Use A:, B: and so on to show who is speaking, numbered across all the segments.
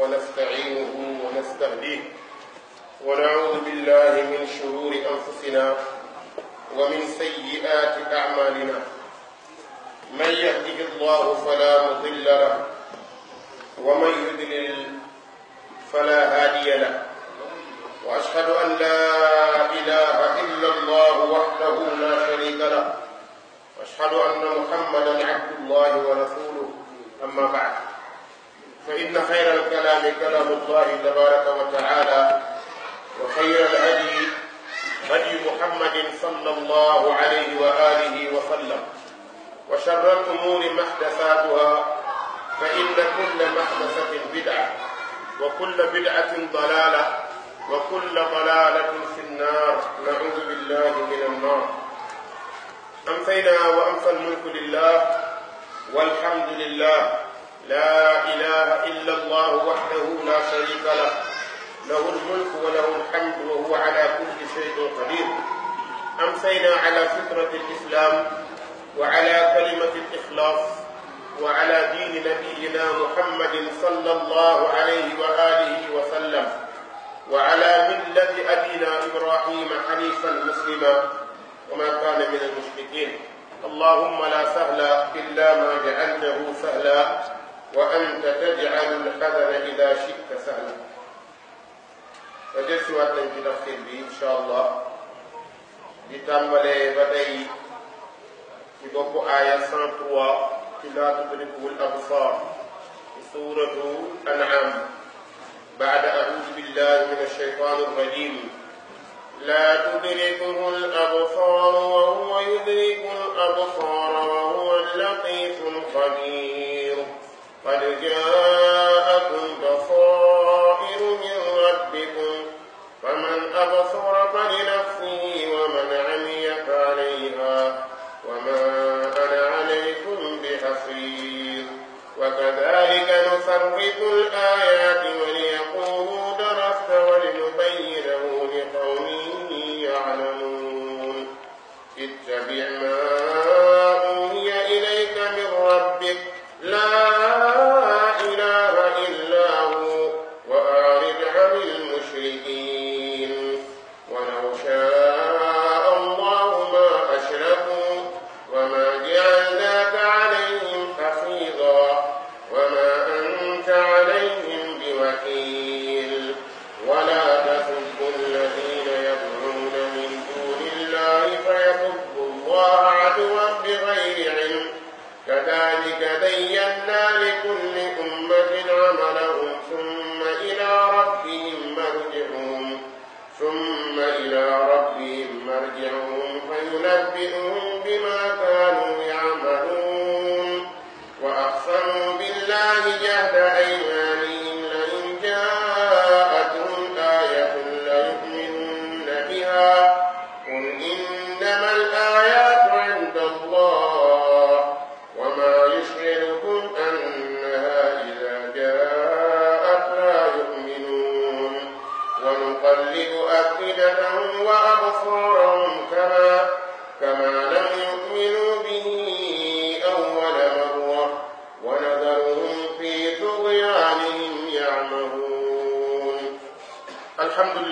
A: ونستعينه ونستهديه ونعوذ بالله من شرور أنفسنا ومن سيئات أعمالنا من يهده الله فلا مضل له ومن يضلل فلا هادي له وأشهد أن لا إله إلا الله وحده لا شريك له وأشهد أن محمدا عبد الله ورسوله أما بعد فإن خير الكلام كلام الله تبارك وتعالى وخير الهدي هدي محمد صلى الله عليه وآله وسلم
B: وشر الأمور محدثاتها فإن كل محدثة بدعة وكل بدعة ضلالة وكل ضلالة في النار نعوذ بالله من النار أنفينا وأنفى الملك لله والحمد لله لا إله إلا الله وحده لا شريك له له الملك وله الحمد وهو على كل شيء قدير أمسينا على فطرة الإسلام وعلى كلمة الإخلاص وعلى دين نبينا محمد صلى الله عليه
A: وآله وسلم وعلى ملة أبينا إبراهيم حنيفا مسلما وما كان من المشركين اللهم لا سهل إلا ما جعلته سهلا وأنت تجعل الحذر إذا شئت سهلا فجلس واتن في تفصيل إن شاء الله لتنبلي بدأي في بوكو آية 103 في لا تدركه الأبصار سورة الأنعام بعد أعوذ بالله من الشيطان الرجيم لا تدركه الأبصار وهو يدرك الأبصار وهو اللطيف الخبير قد جاءكم بصائر من ربكم فمن أبصر فلنفسه ومن عمي فعليها وما أنا عليكم بحفيظ وكذلك نصرف الآيات ولي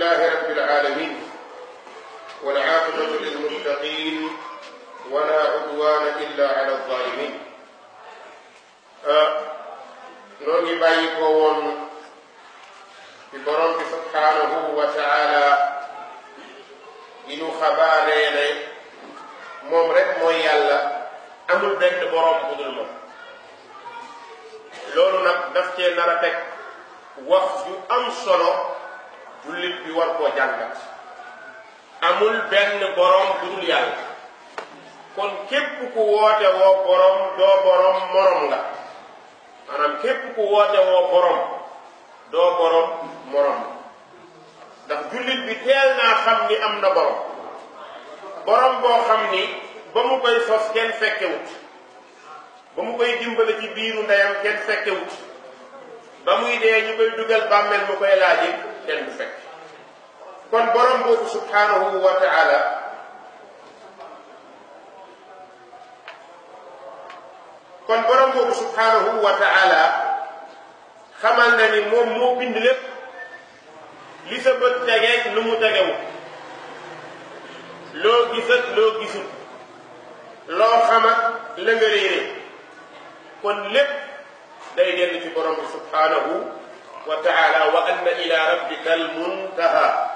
A: لله رب العالمين والعاقبة للمتقين
B: amul benn borom bu dul yàlla kon képp ku woote woo borom doo borom morom nga maanaam képp ku woote woo borom doo borom morom nga ndax jullit bi teel naa xam ni am na borom borom boo xam ni ba mu koy sos kenn fekkewut ba mu koy dimbale ci biiru ndeyam kenn fekkewut ba muy dee ñu koy dugal bàmmeel mu koy laaji kenn fekk kon borom boobu subhanahu wa taala kon borom boobu subhanahu wa taala xamal na ni moom moo bind lépp li sa bët tege lu mu tegewu loo gisat loo gisul loo xamat la nga réere kon lépp day dellu ci borom bi subhanahu wa taala wa anna ila rabbika al muntaha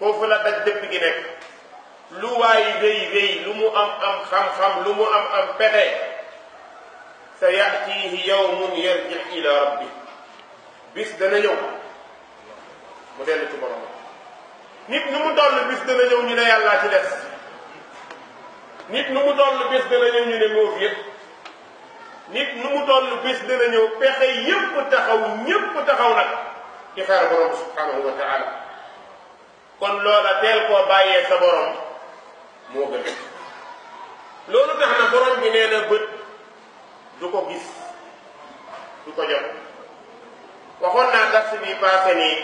B: foofu la daj dëkk gi nekk lu waay rëy rëy lu mu am am xam-xam lu mu am am pexe sa yatiihi yawmun yarji ila rabbi bis dana ñëw mu dellu ci borom nit nu mu toll bis dana ñëw ñu ne yàllaa ci des nit nu mu toll bis dana ñëw ñu ne moo fi yëpp nit nu mu toll bis dana ñëw pexe yépp taxaw ñépp taxaw nag ci xaar borom subhanahu wa taala kon loola teel koo bàyyee sa borom moo gën loolu tax na borom bi nee na bët du ko gis du ko jot waxoon naa dars bi passé nii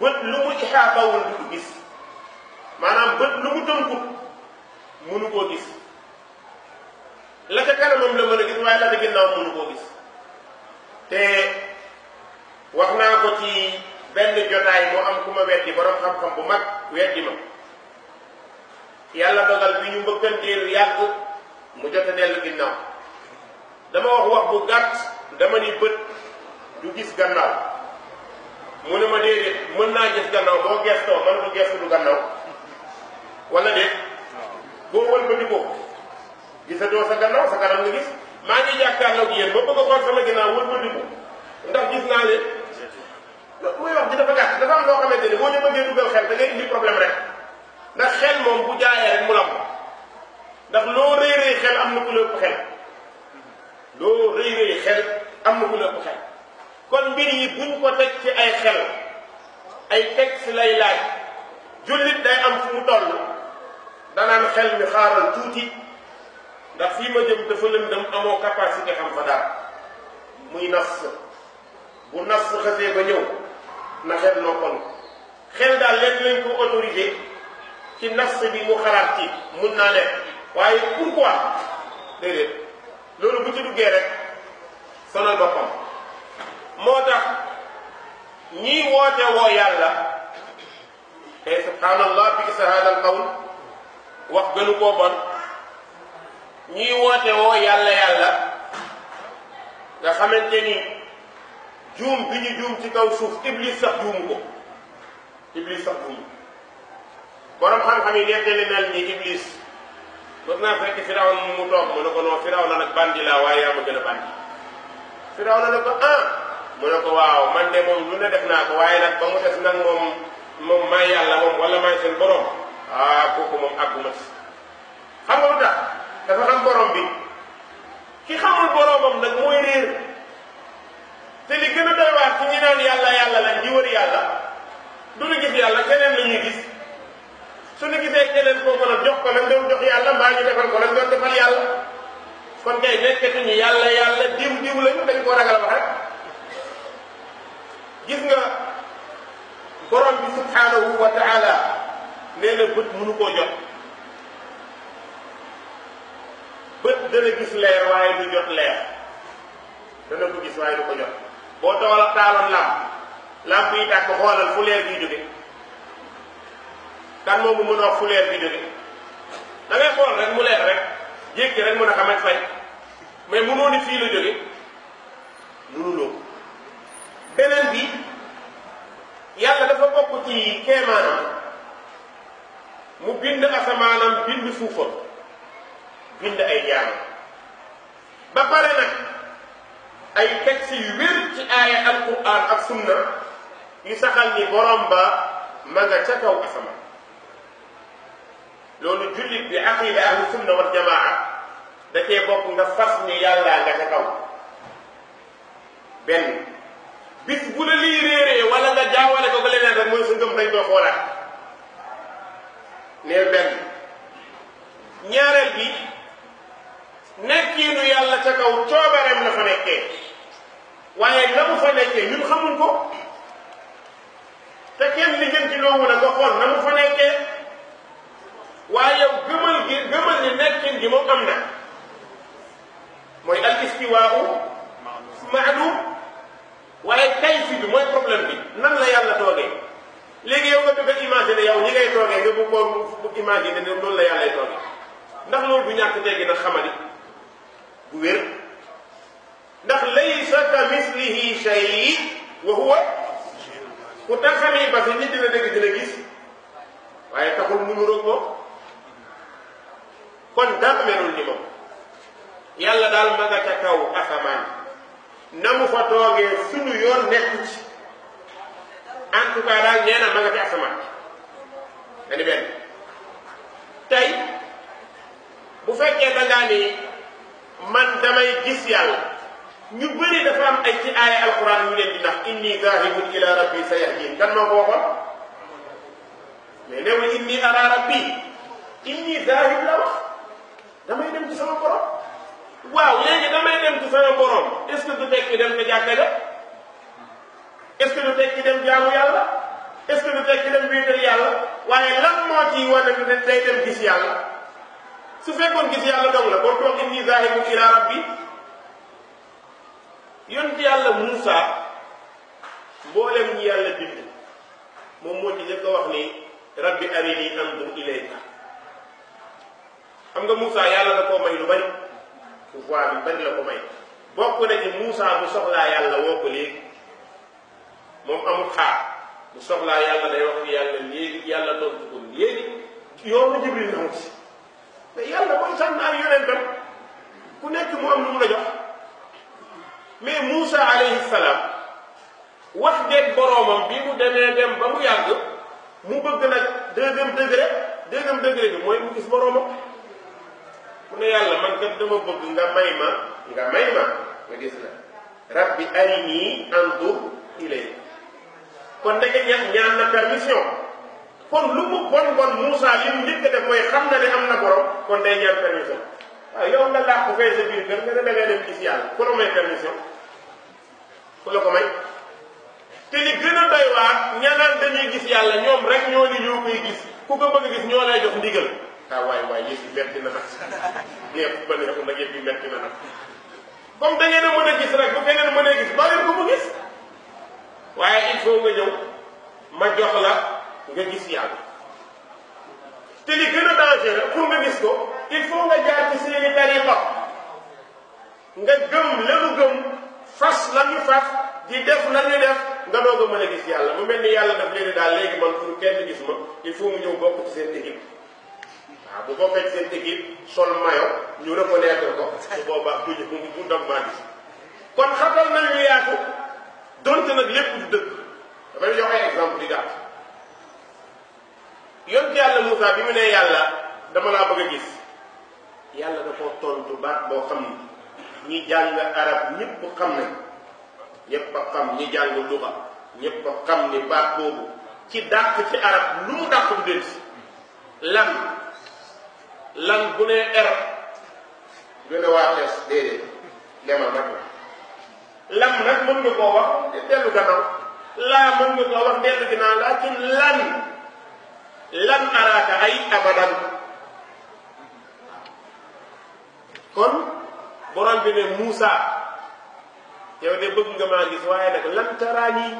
B: bët lu mu xaabawul du ko gis maanaam bët lu mu tënkut munu koo gis la ca kanamam la mën a gis waaye la ca ginnaaw munu koo gis te wax naa ko ci benn jotaay mu am ku ma weddi borom xam-xam bu mag weddi ma yàlla dogal bi ñu mbëkkanteelu yàgg mu jot a dellu ginnaaw dama wax wax bu gàtt dama ni bët du gis gannaaw mu ne ma déedéet mën naa gis gannaaw boo gestoo man du gestu du gannaaw wala déet boo wëlbati gisatoo sa gannaaw sa kanam nga gis maa ngi jàkkaarloo ak yéen ba bëgg a xool sama ginnaaw wëlbati ko ndax gis naa leen muy wax ji dafa gàtt dafa am loo xamante ni boo ñu bëggee dugal xel da ngay indi problème rek ndax xel moom bu jaayee rek mu lam ndax loo rëy rëy xel am na ku la ëpp xel loo rëy rëy xel am na ku la ëpp xel kon mbir yi buñ ko teg ci ay xel ay texte lay laaj jullit day am fu mu toll danaan xel mi xaaral tuuti ndax fii ma jëm dafa lëndëm amoo capacité xam fa daal muy nas bu nas xasee ba ñëw na xel noppalu xel daal léegi lañ ko autorisé ci nafs bi mu xalaat ci mun naa nekk waaye pourquoi déedéet loolu bu ci duggee rek sonal boppam moo tax ñii woote woo yàlla te subhanallah bi isa hada al qawl wax gënu koo ñii woote woo yàlla yàlla nga xamante ni juum bi ñu juum ci kaw suuf iblis sax juumu ko iblis sax juumu borom xam-xam yi nettali naan ñi iblis mos naa fekk firaw mu toog mu ne ko non firaw na nag bandi waaye yaa ma gën a bandi
A: firaw na ne ko ah
B: mu ne ko waaw man de moom lu ne def naa ko waaye nag ba mu def nag moom moom yàlla moom wala maay seen borom ah kooku moom àgguma ci xam nga lu tax dafa xam borom bi ki xamul boromam nag mooy réer te li gën a doy waar ci naan yàlla yàlla lañ di wër yàlla du ñu gis yàlla keneen la ñuy gis su ñu gisee keneen kooku nag jox ko lan doon jox yàlla mbaa ñu defal ko lan defal yàlla kon kay nekkatuñu yàlla yàlla diw diw lañu dañ koo ragal na bët mënu koo jot bët dana gis leer waaye du jot leer dana ko gis waaye du ko jot boo toola taaloon làmp làmp yi tàkk xoolal fu leer bi jóge kan moomu mën a fu leer bi jóge da ngay xool rek mu leer rek jékki rek mën a xam fay mais mënoo ni fii la jóge mënuloo beneen bi yàlla dafa bokk ci keemaanam mu bind asamaanam bind suufam bind ay jaam ba pare nag ay texte yu wér ci aaya alquran ak sunna yu saxal ni borom ba ma nga ca kaw asama loolu jullit bi aqida ahlu sunna wal jamaa da cee bokk nga fas ni yàllaa nga ca kaw benn bis bu la lii réeree wala nga jaawale ko ba leneen rek mooy sa ngëm dañ koy xoolaat neel benn ñaareel bi nekkiinu yàlla ca kaw coobareem la fa nekkee waaye la mu fa nekkee ñun xamuñ ko te kenn lijjanti loowu la nga xool na mu fa nekkee waaye yow gëmal gi gëmal ni nekkin gi moom am na mooy al istiwaau maalum waaye kayfi bi mooy problème bi nan la yàlla toogee léegi yow nga bëgg a imaginer yow ñu ngay toogee nga bu ko bu imaginer ne loolu la yàllay toogee ndax loolu bu ñàkk teggi nag xamali bu wér ndax laysa ka mislihi shay wa huwa ku taxamee ba fi nit dina dégg dina gis waaye taxul mu nuroog kon dara melul ni moom yàlla daal ma nga ca kaw asamaan na mu fa toogee sunu yoon nekku ci en daal nee na ma nga ca asamaan dani benn tey bu fekkee da nii man damay gis yàlla ñu bëri dafa am ay ci aaya alquran yu leen di tax inni zahibun ila rabbi sayahdin kan moo ko waxoon mais newul inni ara rabbi inni zahib la wax damay dem ci sama borom waaw léegi damay dem ci sama borom est du tekki dem ca jàkka ja est-ce que du tekki dem jaamu yàlla est du tekki dem wéetal yàlla waaye lan moo ciy wane ne day dem gis yàlla su fekkoon gis yàlla dong la kon ko wax inni zahibun ila rabbi yonti yàlla Moussa mboolem ñi yàlla bind moom moo ci njëkk wax ni rabbi arini andur ilayka xam nga Moussa yàlla da koo may lu bari pouvoir bi bari la ko may bokk na ci Moussa bu soxlaa yàlla woo ko léegi moom amu xaar bu soxlaa yàlla day wax ni yàlla léegi yàlla tontu ko léegi yoonu Jibril na si te yàlla mooy tànn ay yonentam ku nekk mu am lu mu la jox mais Moussa alayhi salaam wax dëgg boroomam bi mu demee dem ba mu yàgg mu bëgg nag deuxième degré deuxième degré bi mooy mu gis boroomam mu ne yàlla man kat dama bëgg nga may ma nga may ma nga gis la rabbi arinii andur ilay kon ndeke ñaan na permission kon lu mu bon bon Moussa li mu njëkk a def mooy xam na ne am na borom kon day ñaan permission waaw yow nga làqu fee sa biir kër nga ne dem gis yàlla ku la ku la ko may te li gën a doy waar ñanaan dañuy gis yàlla ñoom rek ñoo ni ñoo koy gis ñoo lay jox ndigal ah waay waay yëf na nag ñeef ba neexul nag yëf yi metti na nag comme da ngeen a mën a gis rek bu keneen mënee gis ba leen ko mu gis waaye il faut nga ñëw ma jox la nga gis yàlla te li gën a dangereux pour nga gis ko il faut nga jaar ci seeni tariqa nga gëm la mu gëm fas la fas di def la ñu def nga doog a mën a gis yàlla mu mel ni yàlla daf leen daal léegi man pour kenn gis ma il faut mu ñëw bokk seen équipe waaw bu bokkee ci seen équipe sol maillot ñu reconnaître ko su boobaa duñu bu bu dam maa gis kon xatal nañu yaatu donte nag lépp du dëgg dafay joxe exemple di gàtt yonent yàlla Moussa bi mu ne yàlla dama laa bëgg a gis yàlla da koo tontu baat boo xam ni ñi jàng arab ñëpp xam nañ ñëpp xam ñi jàng luga ñëpp xam ni baat boobu ci dàq ci arab lu mu dàq bu dégg lan lan bu nee er gën a waaxees déedéet demal nag lam nag mën nga koo wax dellu gannaaw laa mën nga koo wax dellu ginnaaw laakin lan lan araka ay abadan kon borom bi ne Musa, yow de bëgg nga ma gis waye nak lan tarani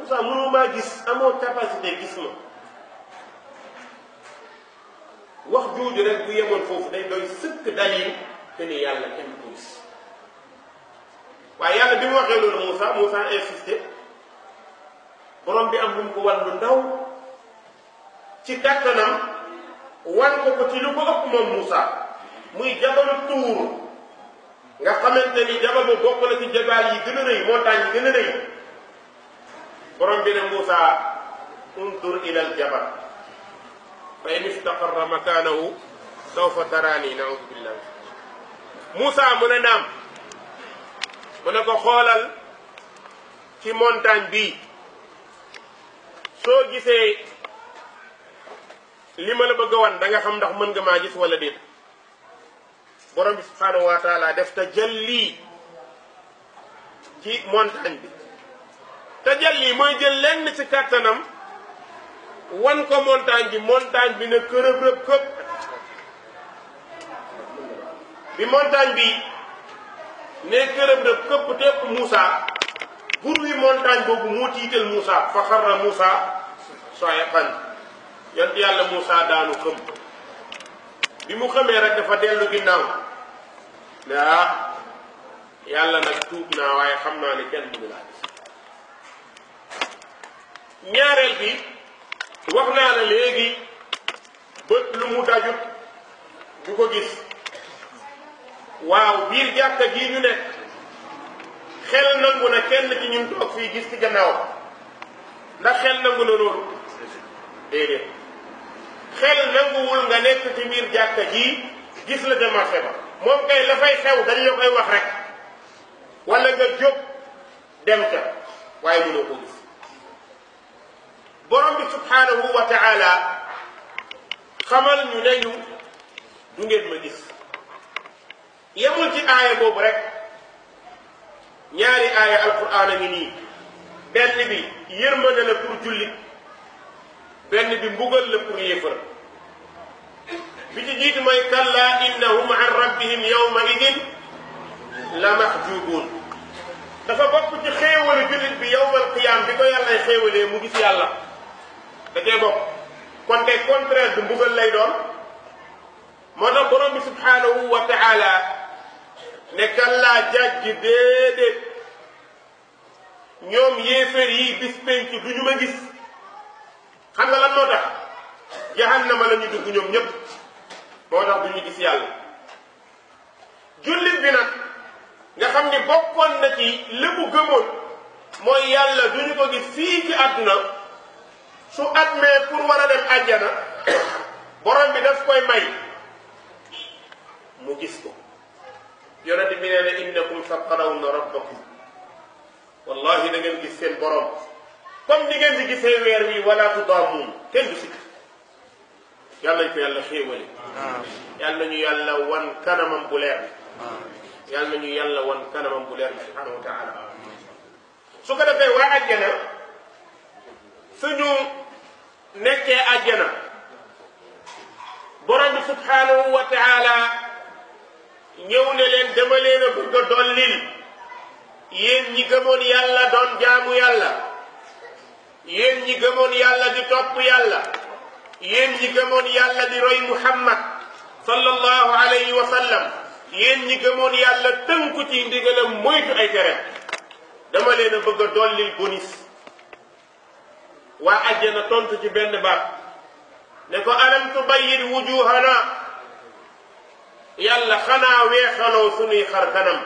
B: musa mënu ma gis amo capacité gis ma wax jooju rek bu yemon fofu day doy seuk dalil que ni yalla kenn ko waye yalla bimu waxe lolu musa musa Moussa insisté borom bi am lu ko wal lu ndaw ci kàttanam wan ko ko ci lu ko ëpp moom Moussa muy jabalu tuur nga xamante ni jabalu bokk na ci jabaal yi gën a rëy yi gën a rëy borom bi ne Moussa undur ila al jabal fa in istaqarra makanahu sawfa taraani naudu billah Moussa ko xoolal ci montagne bi soo gisee li ma la bëgg a wan da nga xam ndax mën nga maa gis wala déet borom bi subhaanahu wa taala def tajalli ci montagne bi tajalli mooy jël lenn ci kàttanam wan ko montagne bi montagne bi ne kërëb rëb këpp bi montagne bi ne kërëb rëb këpp tepp Moussa bur wi montagne boobu moo tiital Moussa fa xarra Moussa soyqan yont yàlla Moussa daanu xëm bi mu xamee rek dafa dellu ginnaaw ne ah yàlla nag tuub naa waaye xam naa ne kenn mënu laa gis ñaareel bi wax naa la léegi bët lu mu dajut du ko gis waaw biir jàkka gii ñu nekk xel nangu na kenn ci ñun toog fii gis ci gannaaw ndax xel nangu na loolu xel nanguwul nga nekk ci biir jàkka gis la démarché ba moom kay la fay xew dañ la koy wax rek wala nga jóg dem ca waaye mënoo ko gis borom bi subhanahu wa taala xamal ñu ne ñu du ngeen ma gis yemul ci aaya boobu rek ñaari aaya alquran a ngi nii benn bi yërmande la pour jullit benn bi mbugal la pour yéefar bi ci jiitu mooy kalla innahum an rabbihim yawma idin la mahjubuun dafa bokk ci xéewalu jullit bi yawmal qiyaam bi ko yàllay xéewalee mu gis yàlla da cee bokk kon tey contraire bi mbugal lay doon moo tax borom bi subhaanahu wa taala ne kallaa jajji déedéet ñoom yéeféer yi bis penc du ñu ma gis xam nga lan moo tax jahannama la ñu dugg ñoom ñépp moo tax du ñu gis yàlla jullit bi nag nga xam ni bokkoon na ci lébu gëmoon mooy yàlla du ñu ko gis fii ci àdduna su at mee pour war a dem àjjana borom bi daf koy may mu gis ko yonente bi nee na innakum satarawna rabbakum wallahi da ngeen gis seen borom comme ni ngeen di gisee weer wi wala tudaamuun kenn du si yàlla ñu ko yàlla xéewale yàlla wan kanamam bu leer
A: bi
B: yàlla ñu yàlla wan kanamam bu leer bi subhanahu wa su ko defee waa àjjana suñu nekkee àjjana borom bi subhanahu wa taala ñëw ne leen dama leen a bëgg a dollil yéen ñi gëmoon yàlla doon jaamu yàlla yéen ñi gëmoon yàlla di topp yàlla yen ñi gëmon yàlla di roy muhammad sallallahu alayhi wa sallam yen ñi gëmon yàlla teŋku ci ndigalam moytu ay tere dama leena bëgg a dollil bonis waa àjjana tontu ci benn baat ne ko alam tubayyid wujuhana yàlla xana weexaloo sunuy xar kanam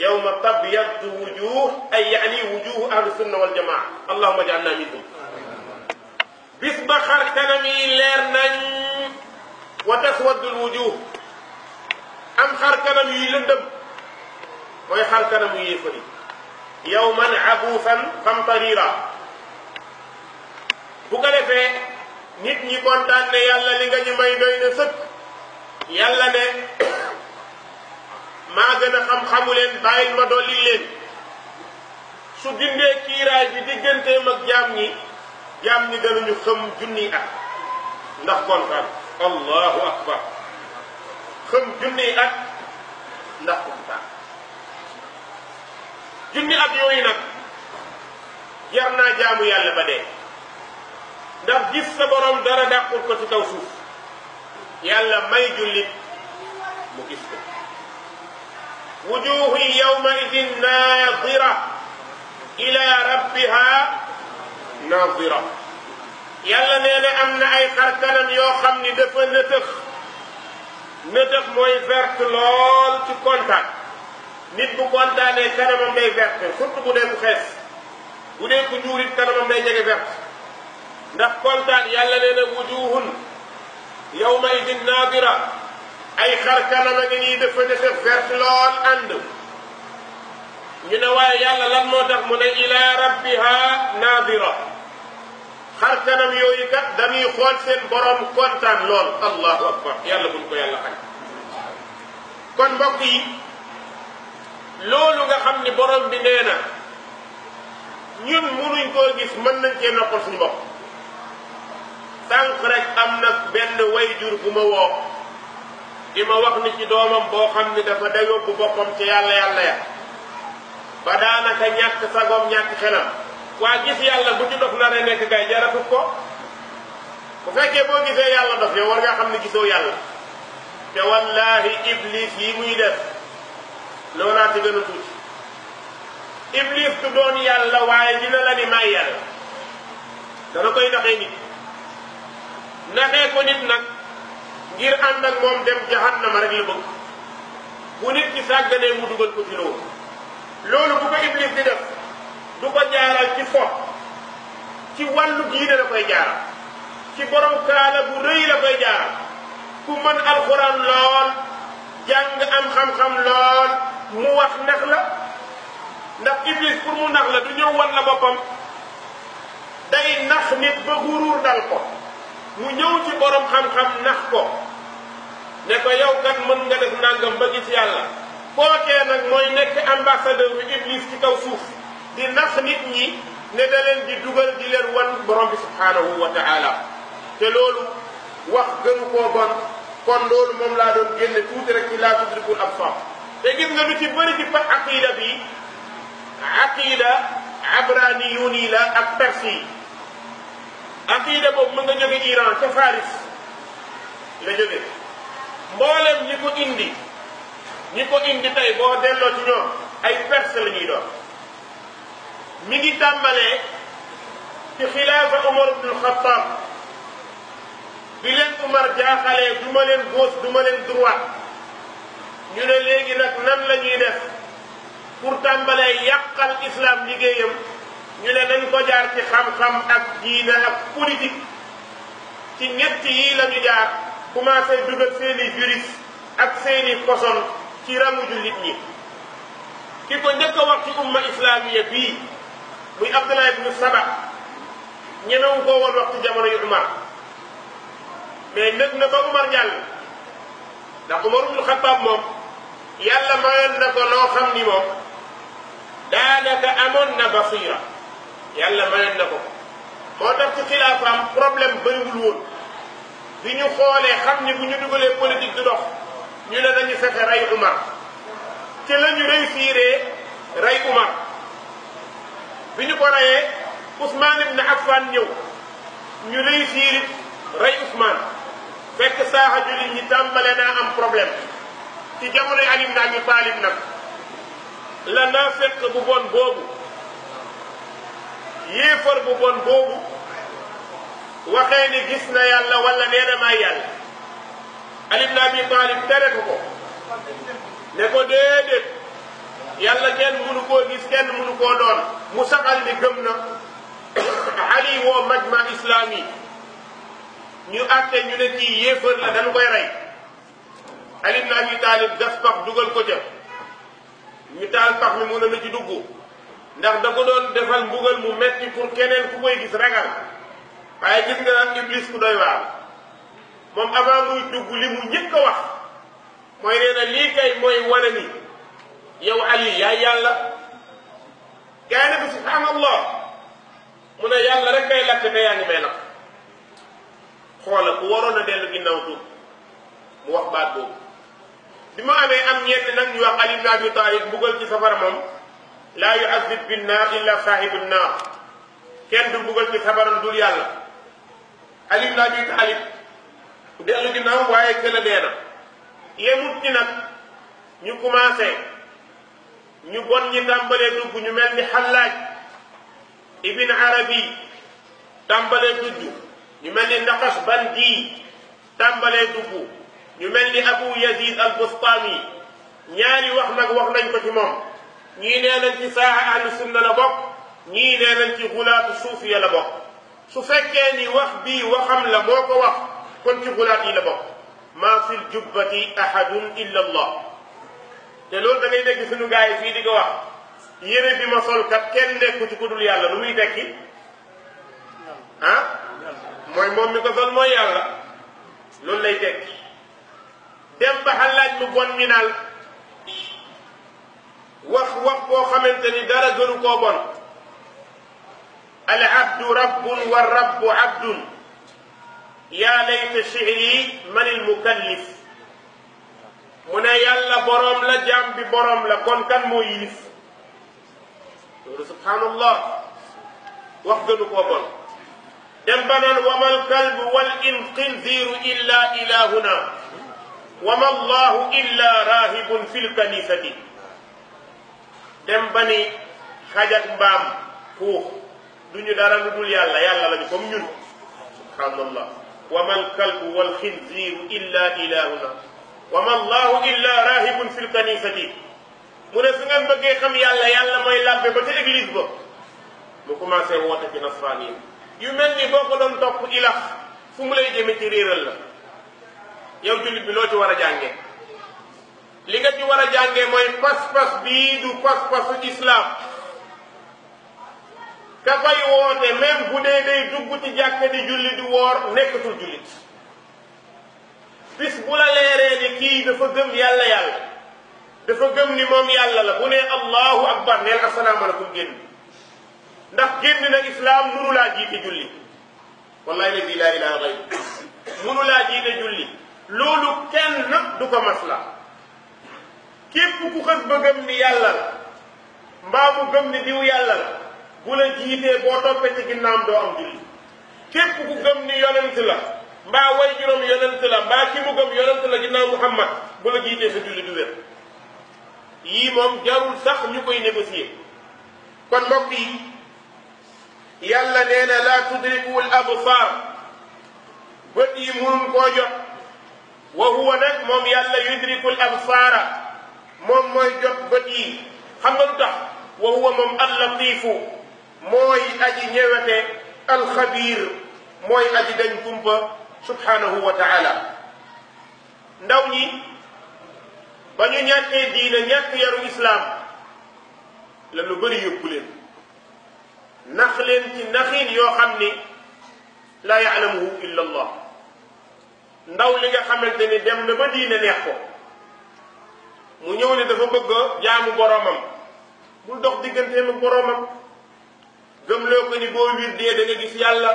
B: يوم تبيض وجوه اي يعني وجوه اهل السنه والجماعه اللهم اجعلنا منهم bis ba xar kanam yi leer nañ wa taswaddul wujuh am xar kanam yuy lëndëm mooy xar kanam yu yéefari yawman abuusan qamtarira ko defee nit ñi kontaan ne yàlla li nga ñu may doy na sëkk yàlla ne maa gën a xam-xamu leen bàyyil ma dolli su dindee kiiraay bi digganteem ak jaam ñi jaam ñi danañu xëm junniy at ndax kontaan allahu akbar xëm junniy at ndax kontaan junni at yooyu nag jar naa jaamu yàlla ba dee ndax gis dara dàqul ko ci kaw suuf yàlla may jullit mu gis ko wujuhu yawma idin naadira ila rabbiha ناظرة يلا نينا أمنا أي كرتلم يو خمني دفا نتخ نتخ موي فرت لول تي كونتان نيت بو كونتان اي كرم ام بي فرت سرط بو دي مخيس بو دي كجوري كرم ام بي جاكي فرت نخ كونتان يلا نينا وجوه يوم اي دي ناظرة أي كرتلم اي دفا نتخ فرت لول أندو ينوى يلا لن نتخ من إلى ربها ناظرة xar kanam yooyu kat dañuy xool seen borom kontaan lool allahu akbar yàlla buñ ko yàlla xañ kon mbokk yi loolu nga xam ni borom bi nee na ñun munuñ koo gis mën nañ cee noppal suñu bopp sànq am na benn wayjur bu ma woo di ma wax ni ci doomam boo xam ni dafa da yóbbu boppam ca yàlla yàlla ya ba daanaka ñàkk sagoom ñàkk xelam waa gis yàlla bu ci dof na ne nekk gay jaratut ko bu fekkee boo gisee yàlla dof yow war nga xam ne gisoo yàlla te wallaahi iblis yi muy def loonaati gën a tuuti iblis du doon yàlla waaye dina la ni may yàlla dana koy naxee nit naxee ko nit nag ngir ànd ak moom dem jahannama rek la bëgg bu nit ci sàgganee mu dugal ko ci loolu loolu bu ko iblis di def du ko jaaral ci fo ci wal diine la koy jaaral ci borom kaala bu rëy la koy jaaral ku mën alxuraan lool jàng am xam-xam lool mu wax nax la ndax iblis pour mu nax la du ñëw wan la boppam day nax nit ba guruur dal ko mu ñëw ci borom xam-xam nax ko ne ko yow kat mën nga def nangam ba gis yàlla kookee nag mooy nekk ambassadeur bi iblis ci kaw suuf di nas nit ñi ne da leen di dugal di leen wan borom bi subhanahu wa ta'ala te loolu wax gënu koo bon kon loolu moom laa doon génne tuuti rek ci laa tudrikul absar te gis nga lu ci bëri ci fa aqida bi aqida abraniyun yi la ak persi aqida boobu mën nga jóge iran ca faris la jóge mboolem ñi ko indi ñi ko indi tey boo delloo ci ñoom ay perse la ñuy doon mi ngi tàmbalee ci xilaafa Umar ibnul Xattaab bi leen Umar jaaxalee du ma leen gauche du ma leen droite ñu ne léegi nag nan la ñuy def pour tàmbalee yàqal islam liggéeyam ñu ne nañ ko jaar ci xam-xam ak diine ak politique ci ñett yii la jaar commencé dugal seeni juriste ak seeni poson ci ramu jullit ñi ki ko njëkk wax ci umma islamiya bii muy Abdullah ibnu Saba ñemewu koo woon waxtu jamono yu Umar mais nëg na ba Umar jàll ndax Umar ibnu Xattaab moom yàlla mayoon na ko loo xam ni moom daanaka amoon na basira yàlla mayoon na ko moo tax xilaafaam problème bëriwul woon bi ñu xoolee xam ni bu ñu dugalee politique du dox ñu ne nañu fexe rey Umar te la ñu réussiree rey Umar bi ñu ko reyee Ousmane ibn Affan ñëw ñu réussir rey Ousmane fekk saaxa jullit ñi tàmbale naa am problème ci jamonoy Ali ibn Abi Talib nag la naa fekk bu bon boobu yéefar bu bon boobu waxee ni gis na yàlla wala nee na maa yàlla Ali ibn Abi Talib ko ne ko déedéet yàlla kenn mënu koo gis kenn mënu koo doon mu saxal ni gëm na ali woo majma islaam yi ñu àtte ñu ne kii yéefar la dañ koy rey ali ibn abi taalib gas pax dugal ko ca ñu taal pax mi mën a na ci dugg ndax da ko doon defal mbugal mu metti pour keneen ku koy gis ragal waaye gis nga iblis ku doy waar moom avant muy dugg li mu njëkk a wax mooy nee na lii kay mooy wane ni يو علي يا يالا كان سبحان الله من يالا رك باي لك تي ياني مي نك خول وورونا دلو غيناو تو مو واخ بات بو بما امي ام نيت نك ني علي بن ابي طالب بوغل سي سفر موم لا يعذب بالنار الا صاحب النار كين دو بوغل سي سفر دول يالا علي بن ابي طالب دلو غيناو واي كلا دينا يموت نك ني كومانسي ñu bon ñi tàmbalee dugg ñu mel ni xallaaj ibn arabi tàmbalee dugg ñu mel ni naqas bandi tàmbalee dugg ñu mel ni abu yazid al bustami ñaari wax nag wax nañ ko ci moom ñii nee nañ ci saa ahlu sunna la bokk ñii nee nañ ci xulaatu suufiya la bokk su fekkee ni wax bii waxam la moo ko wax kon ci xulaat yi la bokk maa fi l jubbati ahadun illa allah te loolu da ngay dégg suñu gars yi fii di ko wax yére bi ma sol kat kenn nekku ci ku dul yàlla lu muy tekki ah mooy ko sol mooy yàlla loolu lay tekki dem ba xalaaj mu mi naal wax wax boo xamante ni dara gënu koo bon al abdu rabbun wa rabbu abdun yaa layta shi'ri man al mukallif mu ne yàlla boroom la jaam bi boroom la kon kan moo yilif loolu subhaanallah wax gënu koo bon dem ba naan wa mal kalbu wal inqinziru illa ilahuna wa ma allahu illa rahibun fil kanisati dem ba ni xaj ak mbaam xuux du ñu dara lu dul yàlla yàlla la ñu comme ñun subhaanallah wa mal kalbu wal xinziru illa ilahuna wa ma allahu illa rahibun fil kanisati mu ne su ngeen bëggee xam yàlla yàlla mooy làbbe ba ca église ba mu commencé woote ci nasraan yi yu mel ni boo ko doon topp ilax fu mu lay jëme ci réeral la yow jullit bi loo ci war a jàngee li nga ci war a jàngee mooy pas-pas bii du pas-pasu islaam ka woote même bu dee day dugg ci jàkka di julli woor nekkatul jullit bis bu la leeree ni kii dafa gëm yàlla yàlla dafa gëm ni moom yàlla la bu ne allahu akbar neel asalaamaaleykum génn ndax génn na islaam mënu laa jiite julli wallahi ladi laa ilaha laa jiite julli loolu kenn du ko masla képp ku xës ba gëm ni yàlla la mbaa gëm ni diw yàlla la bu la jiitee boo toppee ci ginnaam doo am julli képp ku gëm ni yonent la mbaa way juróom yonent la mbaa ki mu gëm yonent la ginnaaw muhammad bu la jiitee sa julli du wér yii moom jarul sax ñu koy négocier kon mbokk yi yàlla nee na laa tudrikuhu l absaar bët yi mënul koo jot wa huwa nag moom yàlla yudriku l absaara moom mooy jot bët yi xam nga lu tax wa huwa moom al latifu mooy aji ñewete alxabiir mooy aji dañ kumpa subhanahu wa taala ndaw ñi ba ñu ñàkkee diina ñàkk yaru islaam la lu bëri yóbbu leen nax leen ci naxiin yoo xam ni laa yaalamuhu illa allah ndaw li nga xamante ni dem na ba diina neex ko mu ñëw ni dafa bëgg jaamu boroomam bul dox digganteem ak boroomam gëmloo ko ni boo wiir dee da gis yàlla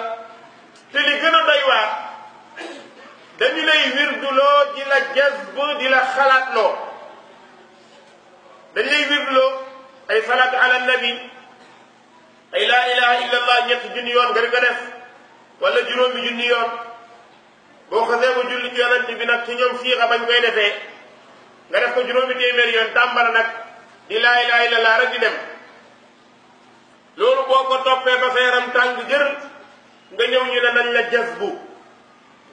B: te li gën a doy waar dañu lay wirduloo di la jazb di la xalaatloo dañ lay wirduloo ay salaatu ala nabi ay laa ilaha illa allah ñetti junni yoon nga di ko def wala juróomi junni yoon boo xasee ba julli ci yonent bi nag ci ñoom siixa bañ koy defee nga def ko juróomi téeméer yoon tàmbala nag di laa ilaha illa allah rek di dem loolu boo ko toppee ba feeram tàng jër nga ñëw ñu ne nañ la jazbu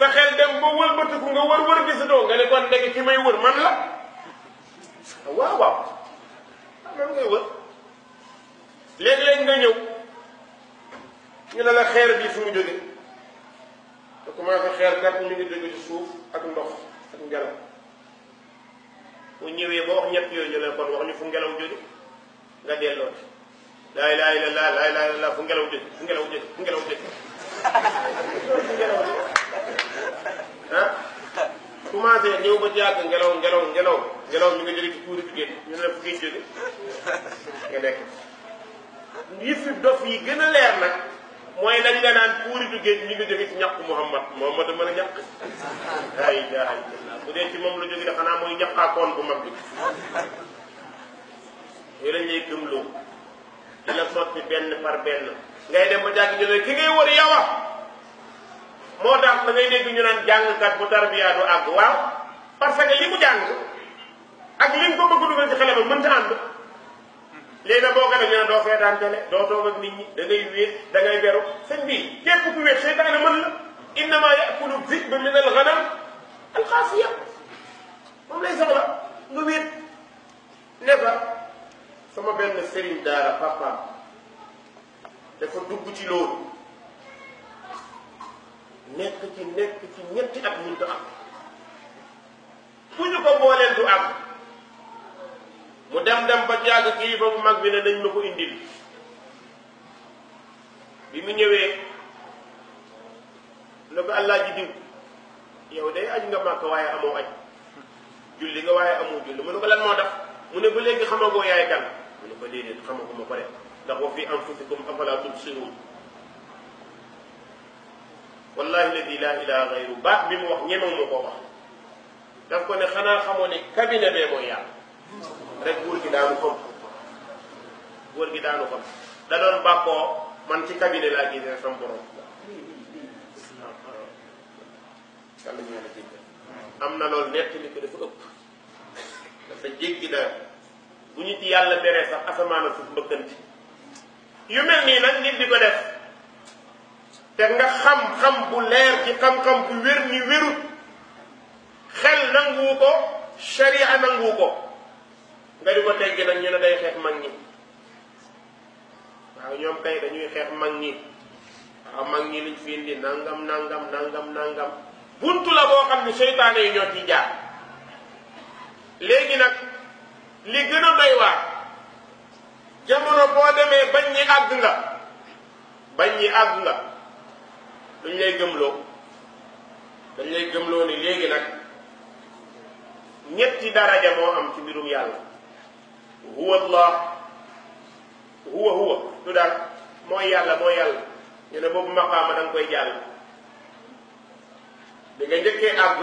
B: سخيل دم بول بتركون غور غور جسدون قال لك وانك كي ما يور من لا وا وا ما يور لين لين غنيو يلا لا خير بي سمو جوغي تكما خير كات ني ديغي دي سوف اك ندوخ اك نغالو و نيوي با واخ نيب يوي جوغي كون واخ ني فو نغالو جوغي غا ديلوت لا اله الا الله لا لا الا لا فو لا جوغي فو نغالو جوغي فو نغالو جوغي ah commencé ñëw ba yàgg ngelaw ngelaw ngelaw ngelaw ñu nga jóge ci tuuri jigéen ñu ne la fu ngay jóge nga nekk yëfi dof yi gën a leer nag mooy lañ nga naan puuritu géej ñu ngi jóge ci ñàkk Muhammad Muhammad mën a ñàkk laa ilaaha illallaah bu dee ci moom la jóge de xanaa mooy ñàkkaakoon bu mag bi yooyu lañ lay gëmloo di la sotti benn par benn ngay dem ba jàkk ñu ne ki ngay wër yawa moo tax da ngay dégg ñu naan jàngkat bu tarbiya du àgg waaw parce que li mu jàng ak li nga ko bëgg dugal ci xale ba mënta ànd léegi nag boo ko ñu ne doo seetaan télé doo toog ak nit ñi da ngay wéet da ngay beru sëñ bi képp ku wéet seytaane mën la innama yakulu zib min al sama benn sëriñ daara papaam dugg ci loolu nekk ci nekk ci ñetti at ñun du am fu ñu ko booleel du am mu dem dem ba jàgg kii ba bu mag bi ne nañ ma ko indil bi mu ñëwee ne ko allah ji diw yow day aj nga màkk waaye amoo aj julli nga waaye amoo julli mu ne ko lan moo def mu ne ko léegi xamagoo yaay kan mu ne ko déedéet xamaguma ko de ndax wa fi anfusikum afala tubsirun والله الذي لا اله غيره با ميم واخ نيمو مكو واخ دا كو ني خانا خاموني كابينا بي مو يال رك بور كي دانو كوم بور كي دانو كوم دا دون باكو مان تي كابينا لا جي دي سام بروم كان ني نتي امنا لول نيت لي كو دافو اوب دا فا جيغي دا بو نيتي يالا بيري سا اسمانو سوف مبكنتي يو ملني نك نيت ديكو ديف te nga xam-xam bu leer ci xam-xam bu wér ni wérut xel nanguwu ko sharia nanguwu ko nga di ko teggi nag ñu ne day xeex mag ñi waaw ñoom tey dañuy xeex mag ñi waaw mag ñi liñ fi indi nangam nangam nangam nangam buntu la boo xam ne seytaane yi ñoo ci jaar léegi nag li gën a doy waar jamono boo demee bañ ñi àgg nga bañ ñi àgg nga duñ lay gëmloo dañ lay gëmloo ni léegi nag ñetti daraja moo am ci mbirum yàlla huwa allah huwa huwa du daal mooy yàlla mooy yàlla ñu ne koy jàll bi nga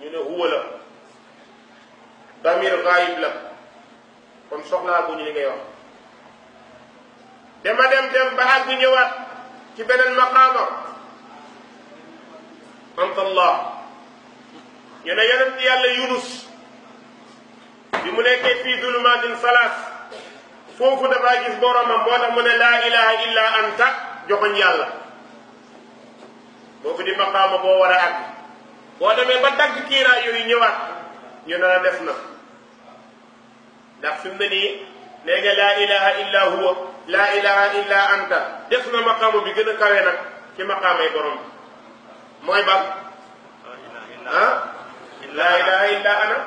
B: ñu ne huwa la damir gaayib la kon soxlaa bu ñu li ngay wax dema dem dem ba àgg ñëwaat ci beneen maqaama ant allah ñu ne yonent yàlla yunus bi mu nekkee fii dulumaatin salaas foofu dafaa gis boromam moo tax mu ne laa ilaha illa anta joxoñ yàlla boobu di maqaama boo war a àgg boo demee ba dagg kiiraa yooyu ñëwaat ñu ne la def na ndax fi mu ne nii léegi laa ilaha illa huwa La ilaha illa anta def na maqamu bi gëna kawé nak ci maqamay borom mooy ban ah la ilaha illa ana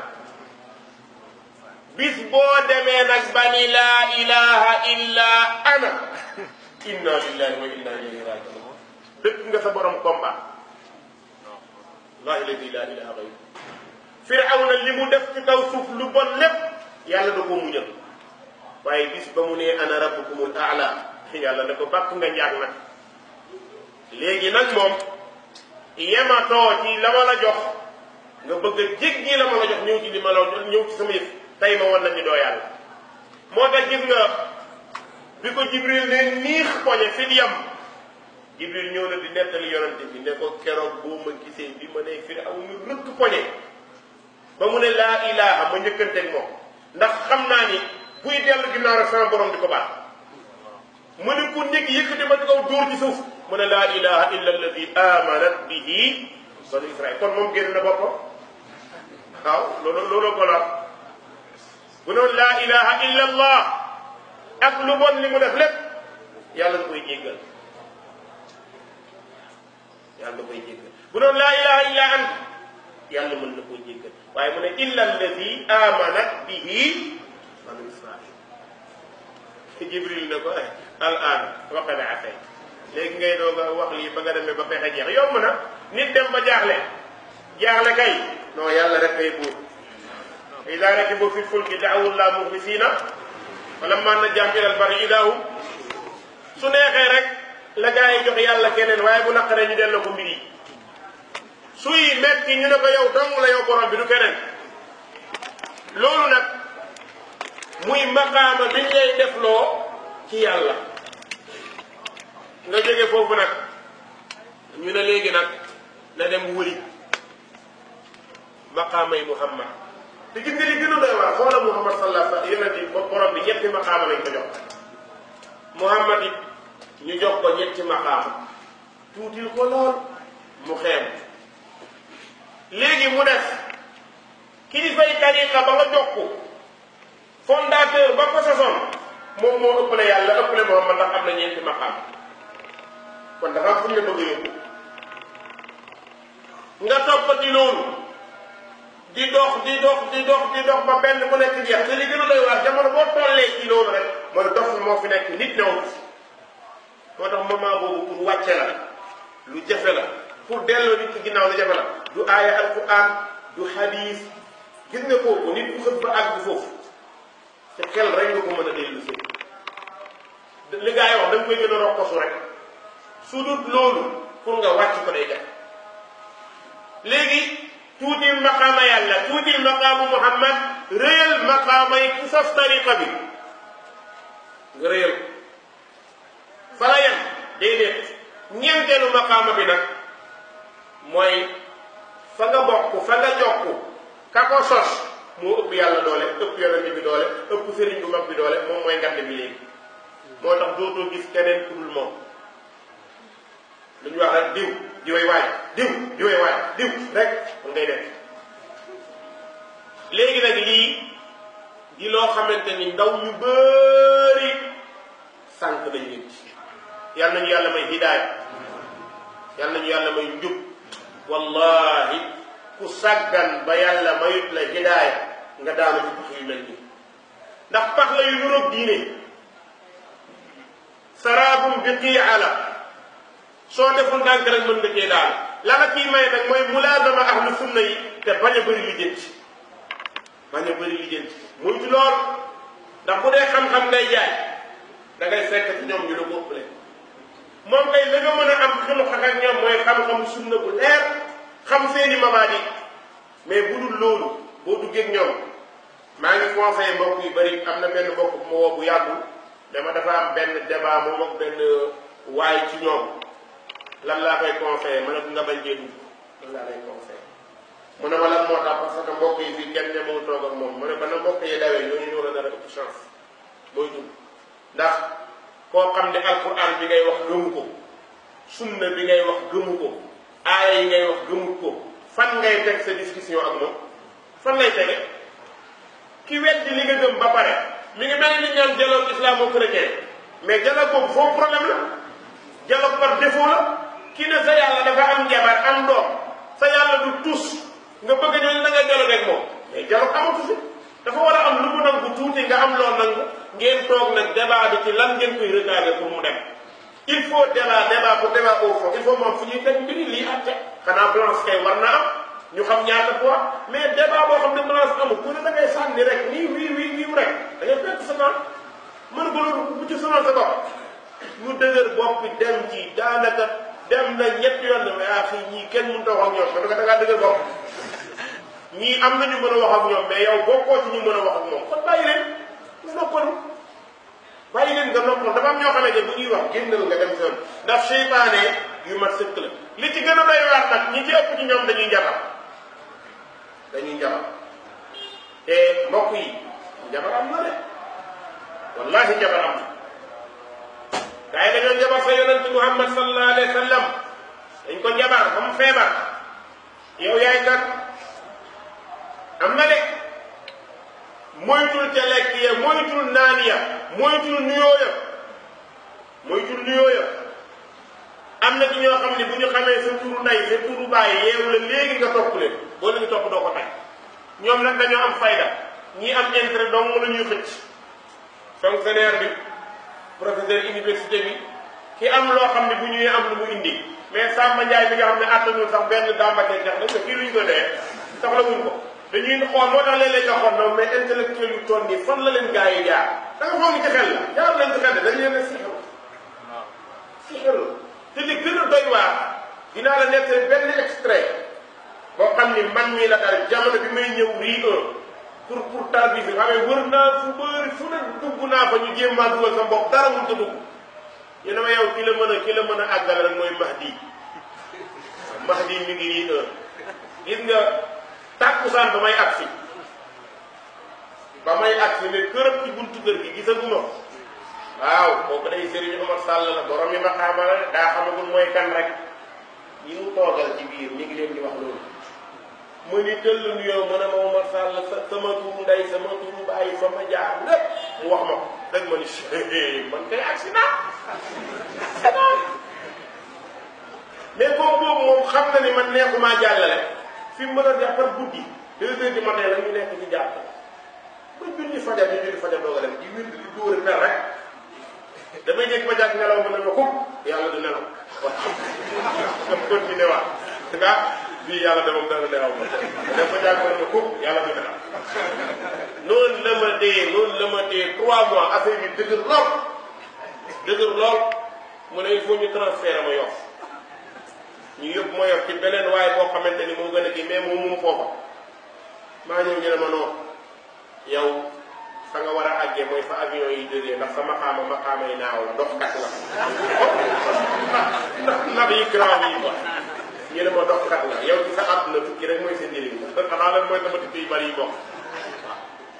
B: bis bo démé nak bani la ilaha illa ana inna lillahi wa inna ilayhi rajiun dëkk nga sa borom combat wallahi ladi ilaha illa firawna li mu def ci kaw suuf lu bon lepp yalla da ko muñal waaye bis ba mu nee ana rabbukumul aala yàlla ne ko bàkk nga njaag nag léegi nag moom yematoo ci la ma la jox nga bëgg a jéggi la ma la jox ñëw ci li ma ñëw ci sama yëf tey ma doo yàlla moo tax gis nga bi ko jibril ne niix poñe fi yam jibril ñëw na di nettali yonante bi ne ko keroog boo ma gisee bi ma nee firi aw ñu rëkk poñe ba mu ne laa ilaha ma njëkkanteeg moom ndax xam naa ni kuy dellu ginnaaw rek sama borom di ko baax mu ne ku nekk yëkkati ba di kaw dóor ci suuf mu ne laa ilaha illa alladi amanat bihi banu israil kon moom génn na boppam waaw loolu loolu ko la bu noonu laa ilaha illa allah ak lu bon li mu def lépp yàlla da koy jéggal yàlla da koy jéggal bu noonu laa ilaha illa ant yàlla mën na koy jéggal waaye mu ne illa alladi amanat bihi Jibril ne ko eh al'aan waqad asayt léegi ngay doog a wax lii ba nga demee ba pexe jeex yomb na nit dem ba jaaxle jaaxle kay non yàlla rek kay buur ida rakibu fi fulki da'awu llaaha man na najjaahum ilal barri idaa hum su neexee rek la gaa jox yàlla keneen waaye bu naqaree ñu delloo ko mbir yi suy metti ñu ne ko yow dong la yow borom bi du keneen loolu nag. muy maqaama biñ lay defloo ci yàlla nga jóge foofu nag ñu ne léegi nag na dem wuri maqaamay muhammad te gis nga li gën a doy waar xoolal muhammad sallallahu alayhi wa sallam yonent bi ñetti maqaama lañ ko jox muhammad it ñu jox ko ñetti maqaama tuutil ko lool mu xeem léegi mu def kilifay tariqa ba nga jox fondateur ba ko sasoon moom moo ëppale yàlla ëppale Muhammad ndax am na ñeenti maqaam kon dafa fu ñu bëgg yóbbu nga toppati loolu di dox di dox di dox di dox ba benn bu nekk jeex te li gën a doy waar jamono boo tollee ci loolu moo fi nekk nit ñëw moo tax moment boobu pour wàcce la lu jafe la pour delloo nit ki ginnaaw lu jafe la du aaya alquran du xadiis gis nga kooku nit ku xët ba foofu te xel rek nga mën a dellu si li gaa yi wax da nga koy a rokkosu rek su dut loolu pour nga wàcc ko day def léegi tuuti maqaama yàlla tuuti maqaamu muhammad réyal maqaama ku sas tariqa bi nga réyal fa la yem déedéet ñeenteelu maqaama bi mooy fa nga bokk fa nga jokk ka ko sos moo ëpp yàlla doole ëpp yonent bi doole ëpp sëriñ bu mag bi doole moom mooy ngand bi léegi moo tax dootoo gis keneen ku dul moom lu wax rek diw diwee waay diw diwee waay diw rek mun ngay def léegi nag lii di loo xamante ni ndaw ñu bëri sànq dañ nit yàlla may hidaaya yàlla nañu may njub wallahi ku sàggan ba yàlla mayut la hidaaya nga daanu ci pax yu mel nii ndax pax la yu nuroog diine saraabum biqiia la soo deful ndànk rek mën nga cee daal la la a bëri a ngay jaay da ngay ci ñoom ñu la ko ëppale moom kay la nga mën a am xelu xak ñoom mooy xam-xam sunna bu leer xam seeni mabaadi mais bu dul loolu boo duggee ñoom maa ngi conseillé mbokk yu bari am na benn mbokk bu ma woo bu yàggul dama dafa am benn débat moom ak benn waay ci ñoom lan laa koy conseillé ma a mu ne ma lan moo tax parce que mbokk yi fii kenn ñemoo toog ak moom mu ne ba na mbokk yi dawee ñooñu ñoo la dara ëpp chance mooy dugg ndax koo xam ne alquran bi ngay wax gëmu ko sunna bi ngay wax gëmu ko aaya yi ngay wax gëmut ko fan ngay teg sa discussion ak moom fan lay tege ki weddi li nga gëm ba pare mu ngi mel ni ñu naan dialogue islamo-chrétien mais dialogue boobu foofu problème la dialogue par défaut la kii ne sa yàlla dafa am jabar am doom sa yàlla du tus nga bëgg ñooñu da nga dialogue ak moom mais dialogue amatu fi dafa war a am lu mu nangu tuuti nga am loo nangu ngeen toog nag débat bi ci lan ngeen koy retardé pour mu dem il faut débat débat bu débat au fond il faut moom fu ñuy teg mbir lii àtte xanaa blanche kay war na am ñu xam ñaata fois mais débat a xam ne da ngay sànni rek nii wii wii wii rek da ngay perte sa temps mën nga bu ci sonal sa bopp ñu dëgër bopp dem ci daanaka dem na ñetti yoon mais ah fii ñii kenn mënut a wax ñoom parce que da ngaa dëgër bopp ñii am na ñu mën a wax ak ñoom mais yow bokkoo ci ñu mën a wax ak kon bàyyi leen noppalu. bàyyi leen nga noppal dafa am ñoo xamante bu ñuy wax génnal nga dem soon ndax seytaane yu mat sëkk la li ci gën a doy ci ëpp ci ñoom dañuy njabar dañuy njabar te mbokk yi njabar am na de wallahi njabar am na gaa yi dañoo njabar Muhammad sallallahu alayhi sallam dañ ko njabar ba mu feebar yow yaay kat am na de moytul ca lekk ya moytul naan ya moytul nuyoo ya moytul nuyoo ya am na ci ñoo xam ne bu ñu xamee sa turu ndey sa turu bàyyi yeewu la léegi nga topp leen boo leen topp doo ko tay ñoom nag dañoo am fayda ñii am intérêt dong la ñuy xëcc fonctionnaire bi professeur université bi loo xam ne bu ñuy am lu mu indi mais Samba bi nga xam ne àttanuñ sax benn dambatee jax dañ ko kii luñ ko dee soxla wuñ ko intellectuel yu toll nii fan la leen gars yi jaar da nga foog ni xel la yàlla lañ ko xel dañ leen a sixir sixir te li gën a doy waar dinaa la nekk benn extrait boo xam ni man mii la dal jamono bi may ñëw rii pour pour tarbi bi xamee wër naa fu bëri fu ne dugg naa fa ñu jéem maa dugal sa mbokk dara wul te dugg ñu ne ma yow ki mën a ki la mën a àggal rek mooy Mahdi Mahdi mi ngi rii heure gis nga tàkkusaan ba may agsi ba may agsi ne këram ci buntu kër gi gisaguma waaw kooku day Serigne Omar Sall ñi ngi leen mu ni tëll nuyoo mu ne ma Omar Sall sama turu wax ma ko dag ma ni man kay agsi naa mais boobu moom xam na ni man neexumaa jàllale fi mu mën a jàppal guddi deux heures du matin la ñu nekk ci ba julli fajar ñu julli fajar dooga dem di wir di dóori mel rek damay nekk ba jàkk nelaw ma ne ma xub yàlla du nelaw dam continué waat nelaw noonu la ma dee noonu la ma dee trois mois affaire bi dëgër lool dëgër lool mu ne il faut ñu transférer ma yof ñu yëpp ma yof ci beneen waaye boo xamante ni moo gën a kii mais moom moom foofa maa ñëw ñu noonu yow fa nga war a àggee mooy fa avion yi jógee ndax sa maqaama maqaama yi naaw ndox kat la ndax yi grand yi quoi ñu ne dox kat la yow ci sa àdduna tukki rek mooy sa njëriñ xanaa lan mooy sama tukki yu bari yi bokk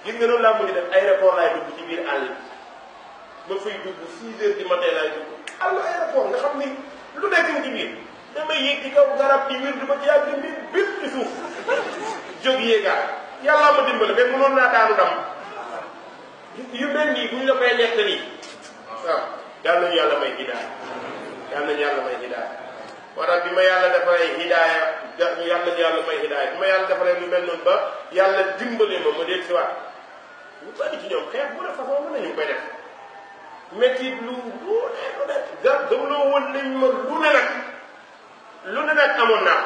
B: gis nga noonu laa mujj def aéroport laay dugg ci biir àll ba fay dugg 6 heures du matin laay dugg àll aéroport nga xam ni lu nekk ci biir damay yéeg ci garab yi wér di ci yàgg mbir bépp ci suuf jóg yéegaat yàlla ma dimbali mais mënoon naa daanu dam yu mel nii buñ la koy nekk nii waaw yàlla nañu yàlla may hidaaya yàlla nañu yàlla may hidaaya moo bi ma yàlla defaree hidaaya hidaaya bi yàlla defaree yàlla ma ma si waat ñu bari ci ñoom xeex bu ne façon mën nañu koy def métit lu lu ne lu ne gar gëmloo woon nañ ma lu ne nag lu ne nag amoon naa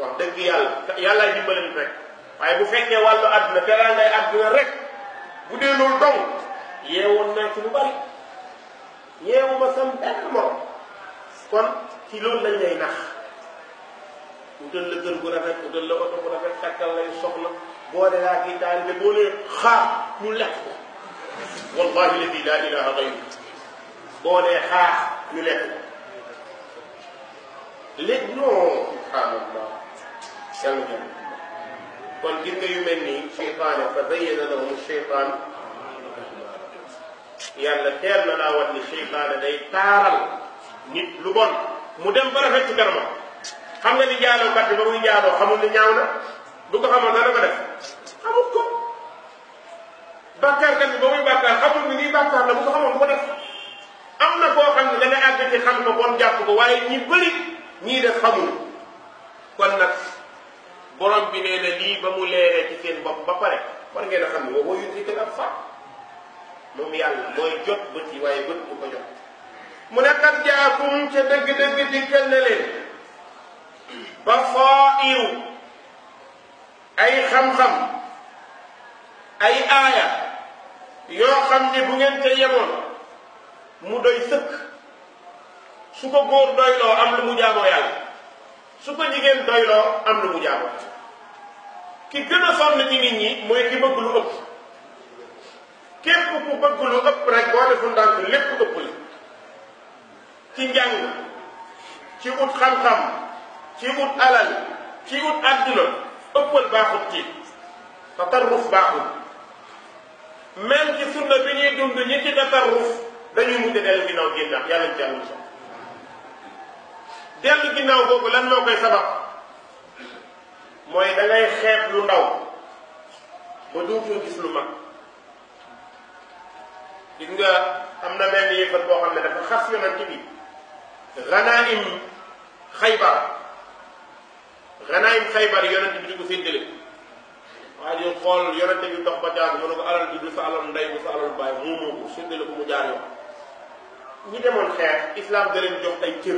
B: wax dëgg yàlla yàlla dimbali ñu rek waaye bu fekkee wàllu àdduna teraa ngay àdduna rek bu dee loolu dong yeewoon naa ci lu bari yeewuma sam benn morom kon ci loolu lañ lay nax utal la kër gu rafet utal la oto bu rafet takkal lay soxla boole laa kii taalibe boo nee xaar ñu lekk ko wallahi ladi laa ilaha gayru boo nee xaar ñu lekk ko léegi non subhanallah yàlla kon jinne yu mel nii seytaane fa zayyana lahum seytaan yàlla teel na laa wan ni seytaane day taaral nit lu bon mu dem ba rafet ci kanamam xam nga ni jaalookat bi ba muy jaaloo xamul ni ñaaw na bu ko xamoon dana ko def xamul ko bàkkaar kat bi ba muy bàkkaar xamul ni lii bàkkaar la bu ko xamoon bu ko def am na koo xam ne da nga àgg ci xam ko bon jàpp ko waaye ñi bëri ñii def xamul kon nag borom bi neena na lii ba mu leeree ci seen bopp ba pare war ngeen a xam ne woo yudrikal absar moom yàlla mooy jot bët yi waaye bët bu ko jot mu ne kat jaakum ca dëgg-dëgg dikkal na leen ba foo iru ay xam-xam ay aaya yoo xam ne bu ngeen ca yemoon mu doy sëkk su ko góor doyloo am lu mu jaamoo yàlla su ko jigéen doyloo am lu mu jaamoo ki gën a sonn ci nit ñi mooy ki bëgg lu ëpp képp ku bëgg lu ëpp rek boo deful ndànk lépp ëpp la ci njàng ci ut xam-xam ci ut alal ci ut àdduna ëppal baaxut ci tatarruf baaxut même ci sunna bi ñuy dund ñi ci tatarruf dañuy mujj dellu ginnaaw génn yàlla jàll sax ginnaaw boobu lan moo koy sabab mooy da ngay lu ndaw ba duutoo gis lu mag gis nga am na benn yëfat boo xam ne dafa xas yonent bi ganaim xaybar ganaim bi di ko séddale waaye di xool yonent bi dox ba jaar mu ne ko alal bi du sa alal ndey du sa alal bàyyi mu ko séddale ko mu jaar yoon ñi demoon xeex islam da jox ay cër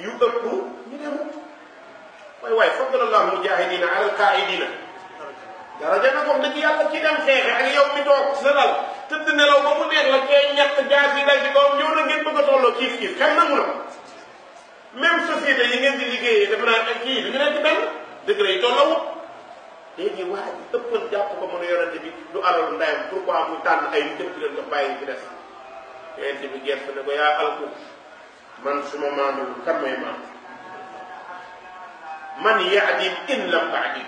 B: yu ëpp ñu demut waaye waaye faddalallahu mujahidina ala alqaidina daraja nag wax dëgg yàlla ci dem xeexe ak yow mi toog sa dal tëdd nelaw ba mu neex la kee ñett jaas yi dal ci kawam ñëw na ngeen bëgg a tolloo kiif kiif xel nangu na même société yi ngeen di liggéeyee dafa naan ak kii bi ñu nekk benn dëgg la yi tolloo léegi waa ji ëppal jàpp ko mën a yorante bi du alalu ndayam pourquoi muy tànn ay lu dëpp leen nga bàyyi ci des yorante bi gerte ne ko yaa alku man suma maamul kan mooy maam man yaadim in lam taadim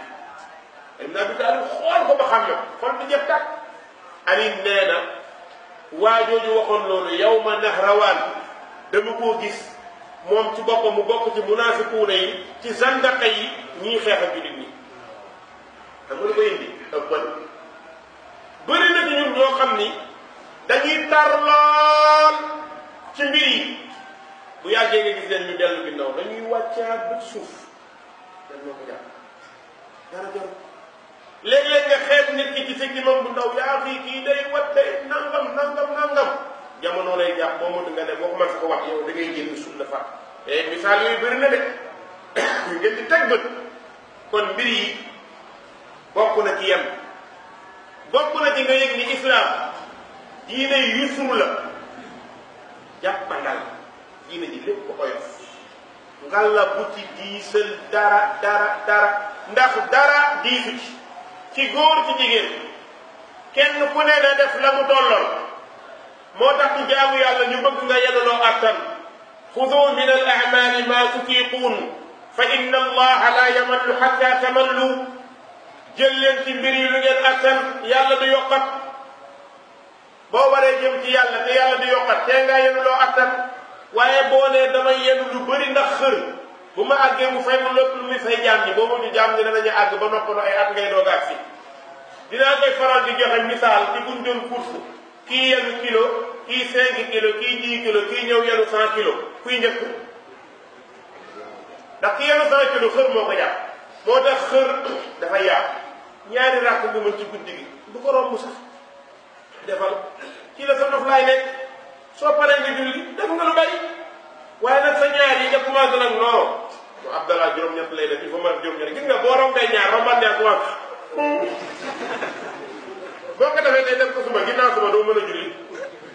B: ibn xool ko ba xam ne xool bi jëf tàkk alim nee na waa jooju waxoon loolu yow ma nahrawaan dama koo gis moom ci boppam mu bokk ci munaafikuuna yi ci zandaqa yi ñii xeex ak jullit ñi xam nga lu ko indi ñoo xam ni dañuy tar lool ci mbir yi bu yàggee nga gis leen ñu dellu ginnaaw dañuy wàccaat ba suuf kenn doo ko jàpp dara jor léeg nga xeet nit ki ci sikkimam bu ndaw yaa fii kii day wat day nangam nangam nangam jamono lay jàpp boo motu nga ne boo commencé ko wax yow da ngay génn suuf la eh, misaal yooyu bëri na de ngeen di teg bët kon mbir yi bokk na ci yem bokk na ci nga yëg ni islam diine yusur la jàppandal diine ji lépp oyof غالا بوتي ديسل دارا دارا دارا ندخ دارا ديفيت كي غور تي جيجين كين كون لا داف لا مو تولور موتاخ تي جابو يالا ني بوك غا يالو اكتر خذوا من الاعمال ما تطيقون فان الله لا يمل حتى تملوا جل لين تي مبري لو نين اكتر يالا دو يوقات بو واري جيم تي يالا تي يالا دو يوقات تي غا يالو اكتر waaye boo nee damay yenu lu bëri ndax xër bu ma àggee mu fay ma lépp lu muy fay jaam ñi boo mujj jaam ñi danañu àgg ba noppaloo ay at ngay doog si dinaa koy faral di joxe misaal ci buñ doon course kii yenu kilo kii cinq kilo kii dix kilo kii ñëw yenu cent kilo kuy njëkk ndax ki yenu cent kilo xër moo ko jàpp moo tax xër dafa yaatu ñaari ràkk bu mën ci guddi gi du ko romb sax defal ci la sa noflaay nekk so paré nga julli def nga lu bari waaye nak sa ñaar yi nga commencé nak non to abdallah juróom ñet lay def il faut ma juróom-ñett gis nga rom day ñaar rombaat ñaar
A: commencé
B: boo ko defee day def ko suma ginnaw suma do mëna julli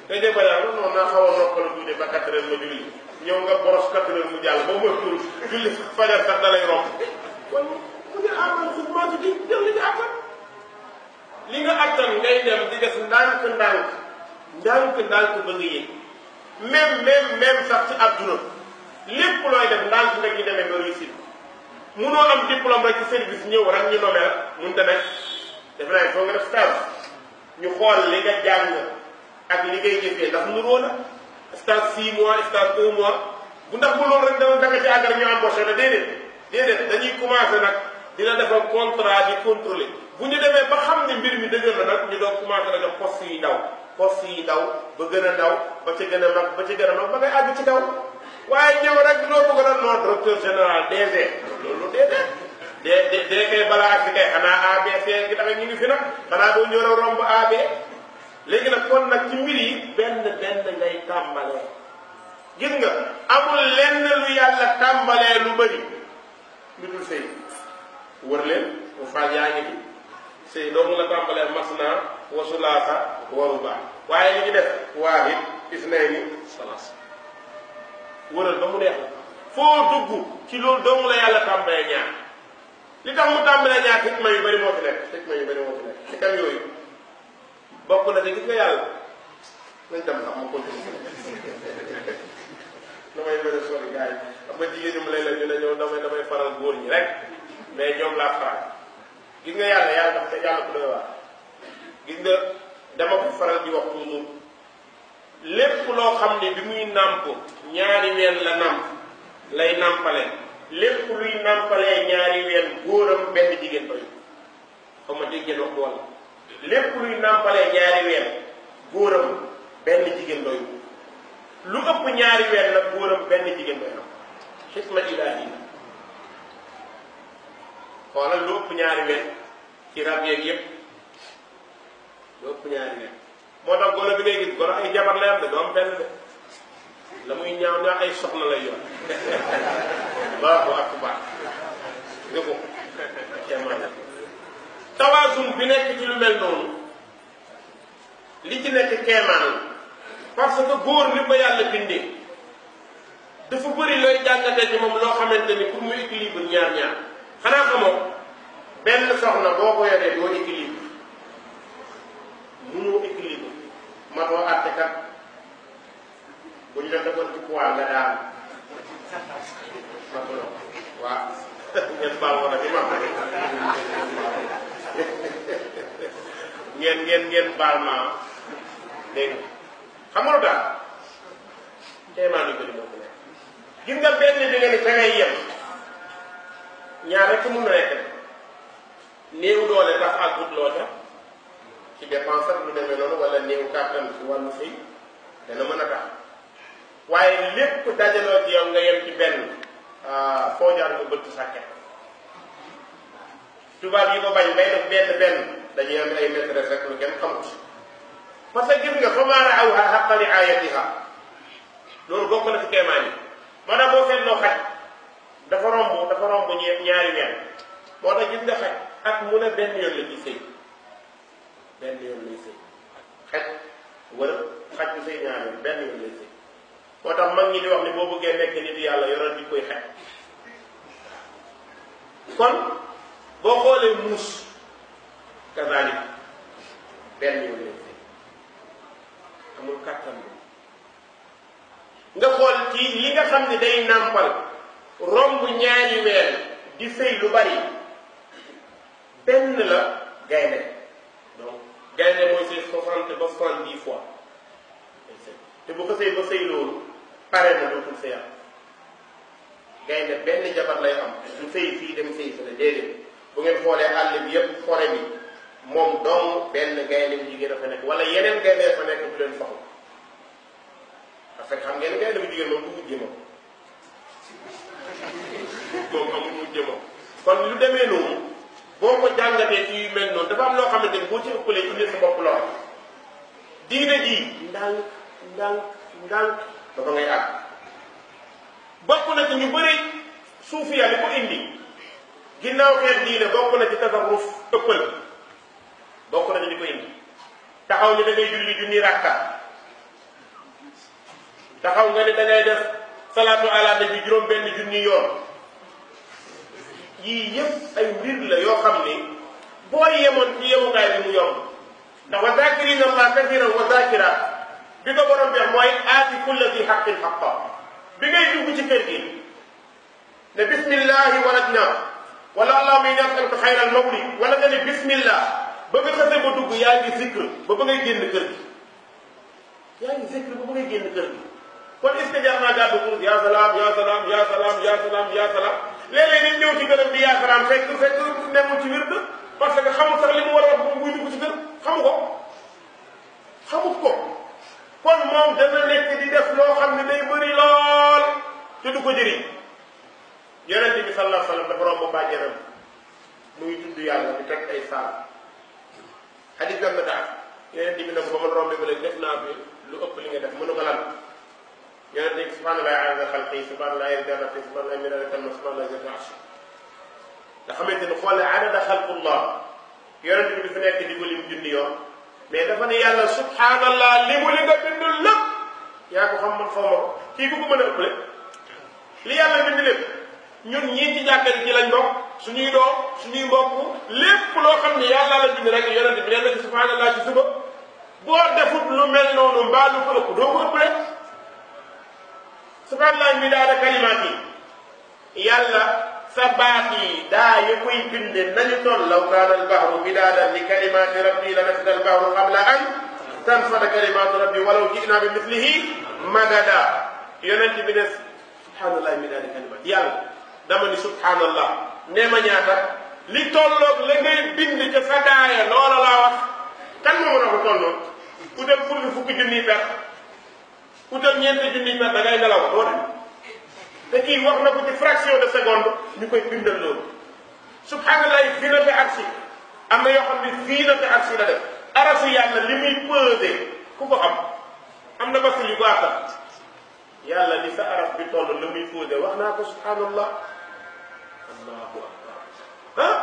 B: day dee ba yàlla non na xaw nokkal du tuuti ba 4h ma julli ñew nga boros 4h mu jall bo boo moytuwul julli fajar sax dalay rom romb kon mu ngi amal su ma ci def li nga attan li nga attan ngay dem di def ndank ndank ndànk ndànk ba nga yëg même même même sax ci adduna lépp looy def ndànk nga ñu demee ba réussite munoo am diplôme rek ci service ñëw rek ñu nomé la mënut a nekk defe naa foo nga def stage ñu xool li nga jàng ak li ngay jëfee ndax nuroo na stage 6 mois stage 1 mois bu ndax bu loolu rek dama danga ci àgg rek ñu embauché la déedéet déedéet dañuy commencé nag dina defal contrat di contrôlé bu ñu demee ba xam ne mbir mi dëgër la nag ñu doon commencé nag am poste yu ndaw. xof yi daw ba gën a daw ba ca gën a mag ba ca gën a mag ba ngay àgg ci daw waaye ñëw rek loo bëgg a non directeur général DG loolu déedéet de de de kay balaa ak kay xanaa AB fee ngi tamit ñu ngi fi nag xanaa doo ñëw romb AB léegi nag kon nag ci mbir yi benn benn ngay tàmbalee gis nga amul lenn lu yàlla tàmbalee lu bëri lu dul sëy wër leen bu faaj yaa ngi fi sëy doomu la tàmbalee mas naa wasulaasa wa rubaa waaye li ci def waahid isnayni salaas wëral ba mu neex foo dugg ci loolu dong la yàlla tàmbalee ñaar li tax mu tàmbalee ñaar xikma yu bëri moo fi nekk xikma yu bëri moo fi nekk xikam yooyu bokk na ci gis nga yàlla nañ dem sax ma continué damay mën a sori gars yi xam nga ñi la ñu ne ñoom damay damay faral góor ñi rek mais ñoom laa faral gis nga nga dama ko faral di wax toujours lépp loo xam ne bi muy nàmp ñaari ween la nàmp lay nàmpale lépp luy nàmpalee ñaari ween góoram benn jigéen doy xaw ma déggeen wax wala lépp luy nàmpalee ñaari góoram benn jigéen doy lu ëpp ñaari ween nag góoram benn jigéen doy na xisma ilaahi xoolal lu yépp moo tax golo bi ngay gis golo ay jabar la am de doom benn la muy ñaaw ñaaw ay soxna lay yor waaw waaw ak baax nga ko kéemaan tawaasum bi nekk ci lu mel noonu li ci nekk kéemaan parce que góor ni ko yàlla bindee dafa bëri looy jàngate ci moom loo xamante ni pour mu équilibre ñaar ñaar xanaa xamoo benn soxna boo ko yoree doo équilibre mënoo équilibre matoo àtte kat bu ñu la defoon ci poids nga daan matuloo waaw ngeen baal woon ak imam ngeen ngeen ngeen baal ma dégg xam nga lu tax teemaan yu bëri moo ko nekk gis nga benn bi nga fa ngay yem ñaar rek mun na nekk néew doole tax ak gudd loo ci dépense ak lu demee noonu wala néew kàttan ci wàllu sëy dana mën a tax waaye lépp dajaloo ci yow nga yem ci benn foo jaar nga bëtt sàkket tubaab yi ko bañ bay def benn benn dañuy am ay maîtresse rek lu kenn xamut parce que gis nga fa maa raawha xaqa riayatiha loolu bokk na fi kéemaan yi maanaam boo seetloo xaj dafa romb dafa romb ñaari weer moo tax gis nga xaj ak mu ne benn yoon la ci sëy benn yoon lay sëy xet wala xaj bu sëy ñaar yoon benn yoon lay sëy moo tax mag ñi di wax ne boo bëggee nekk nit yàlla yoral di koy xet kon boo xoolee muus kazaalik benn yoon lay sëy amul kàttan nga xool ci li nga xam ne day nàmpal romb ñaari weer di sëy lu bari benn la gaynde gaynde mooy sëy soixante ba soixante-dix fois te bu ko sëy ba sëy loolu pare na dootul sëyaat gaynde benn jabar lay am du sëy fii dem sëy fële déedéet bu ngeen xoolee àll bi yépp xore bi moom doom benn gaynde bu jigéen a nekk wala yeneen gaynde fa nekk bu leen soxla parce que xam ngeen gaynde bu jigéen moom du mujj moom moom amul mujj moom kon lu demee noonu boo ko jàngatee ci mel noonu dafa am loo xamante ni boo ci ëppalee indi sa bopp lool diine ji ndànk ndànk ndànk dafa ngay àgg bokk na ci ñu bëri suufiya li ko indi ginnaaw xeet diine bokk na ci tasarruf ëppal bokk na ci li ko indi taxaw ni da ngay julli junni rakka taxaw nga ne da ngay def salaatu ala nabi juróom benn junni yoon yii yëpp ay mbir la yoo xam ne boo yemoon ci yemukaay bi mu yomb ndax wa zakirina allah kathiran wa zakira bi ko borom bi wax mooy aati kulla di xaqin xaqa bi ngay dugg ci kër gi ne bismillahi walajna wala allahuma inni as'aluka xayra al mawli wala nga ne bismillah ba nga xëse ba dugg yaa ngi zikr ba ba ngay génn kër gi yaa ngi zikr ba ba ngay génn kër gi kon est ce que jar naa gàddu yaa salaam yaa salaam yaa salaam yaa salaam yaa salaam léeg-léeg nit ñëw ci gërëm di yaakaaraan fekk fekk nekkul ci wird parce que xamul sax li mu war a wax buy dugg ci gër xamu ko xamut ko kon moom dana nekk di def loo xam ne day bëri lool te du ko jëriñ yonent bi sallallahu alayhi wa sallam dafa romb bàjjenam muy tudd yàlla di teg ay saal xadis bi am na daal ba ma rombe ba léegi def naa lu ëpp li nga def mënu ko lan يعني ديك سبحان الله عز خلقه سبحان الله يرجع سبحان الله من ذلك سبحان الله جل عرشه nga xamante ni xoole adada xalqullah yonent bi fi nekk di ko lim junni yoon mais dafa ne yàlla subhanallah li mu li nga bindul lépp yaa ko xam man xaw ma ko kii ku ko mën a ëppale li yàlla bind lépp ñun ñii ci jàkka ci lañ bokk suñuy doom suñuy mbokk lépp loo xam ne yàlla la bind rek yonent bi nee na subhanallah ci suba boo defut lu mel noonu mbaa lu ko ëpp doo ko ëppale subhanallah midaada kalimaat yi yàlla sa baat yi daa yu koy binde nañu toll law kaana albahru midaadan li kalimaati rabbi la nafida albahru qabla an tanfada kalimaatu rabbi walaw jinaa bi mislihi madada yonent bi ne subhanallah midaada kalimaat yàlla dama ni subhanallah nee ma ñaata li tolloog la ngay bind ca sa daaya loola laa wax kan ma mën a per utal ñeenti junni ma da ngay nelaw doo dem te kii wax na ko ci fraction de seconde ñu koy bindal loolu subhanallah fi na fi agsi am na yoo xam ne fii na fi agsi la def arasu yàlla li muy pesé ku ko xam am na basil yu baax sax yàlla li sa araf bi toll li muy pesé wax naa ko subhanallah allahu akbar ah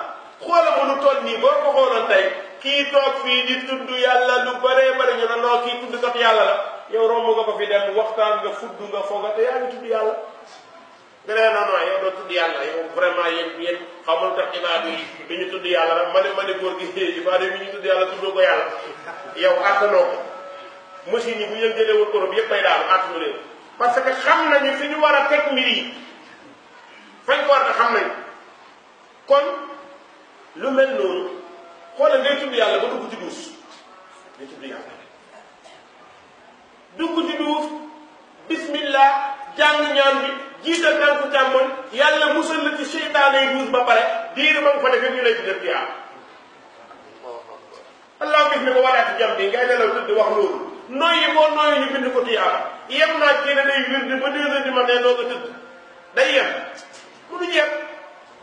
B: xoola ma lu toll nii boo ko xooloon tey kii toog fii di tudd yàlla lu bëree bëri ñu ne noo kii tudd sax yàlla la yow romb nga ko fi dem waxtaan nga fudd nga fooga yaa ngi tudd yàlla nga ne non yow doo tudd yàlla yow vraiment yéen yéen xamul tax ibaadu yi bi ñu tudd yàlla rek ma yi bi ñu tudd yàlla tuddoo ko yàlla yow àttanoo ko machine yi bu parce que xam nañu fi ñu war a teg mbir yi fañ ko war a xam nañu kon lu mel noonu xoolal ngay tudd yàlla ba dugg ci duus dugg ci duuf bismillah jàng ñaan bi jiital tànku càmmoñ yàlla mu la ci seytaane yi duus ba pare diir ba nga fa defee ñu lay ci ko waraat ci bi ko tiyaaba yem naa ci ne day wirdi ba deux heures du matin doo ko tëdd day yem mu du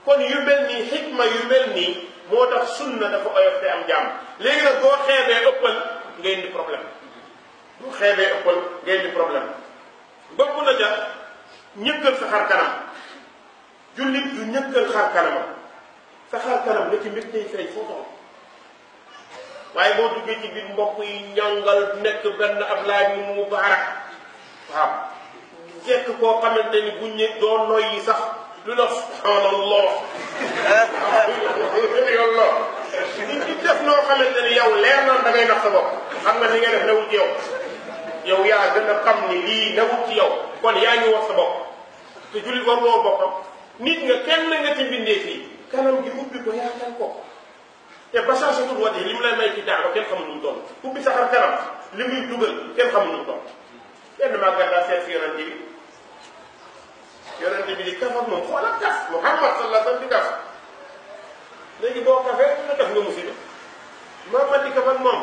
B: kon yu mel nii xikma yu mel nii moo tax sunna dafa oyof te am jàmm léegi nag boo xeebee ëppal ngay indi problème bu xeebee ëppal ngay di problème bokk na ca ñëkkal sa xar kanam jullit du ñëkkal xar kanamam sa xar kanam la ci mbir tey feeñ foofu waaye boo duggee ci biir mbokk yi ñangal nekk benn Ablaay mu Mubaarak waaw fekk koo xamante ni buñ ne doo noy yi sax lu la subhanallah yàlla ni def noo xamante ni yow leer na da ngay sa bopp xam nga li nga def newul yow yow yaa gën a xam ni lii newut ci yow kon yaa ngi wax sa bopp te jullit war loo boppam nit nga kenn nga ci mbindee fii kanam gi ubbi ko yaatal ko te ba basasatul wati li mu lay may ci daaba kenn xamul nu mu toll ubbi sa xar kanam li muy dugal kenn xamul nu mu toll kenn maa gàddaa seet si yonente bi yonente bi di kafar moom xoolal kas muhammad sallallahu alayhi di kaf léegi boo kafee nga def nga musiba maa man di kafal moom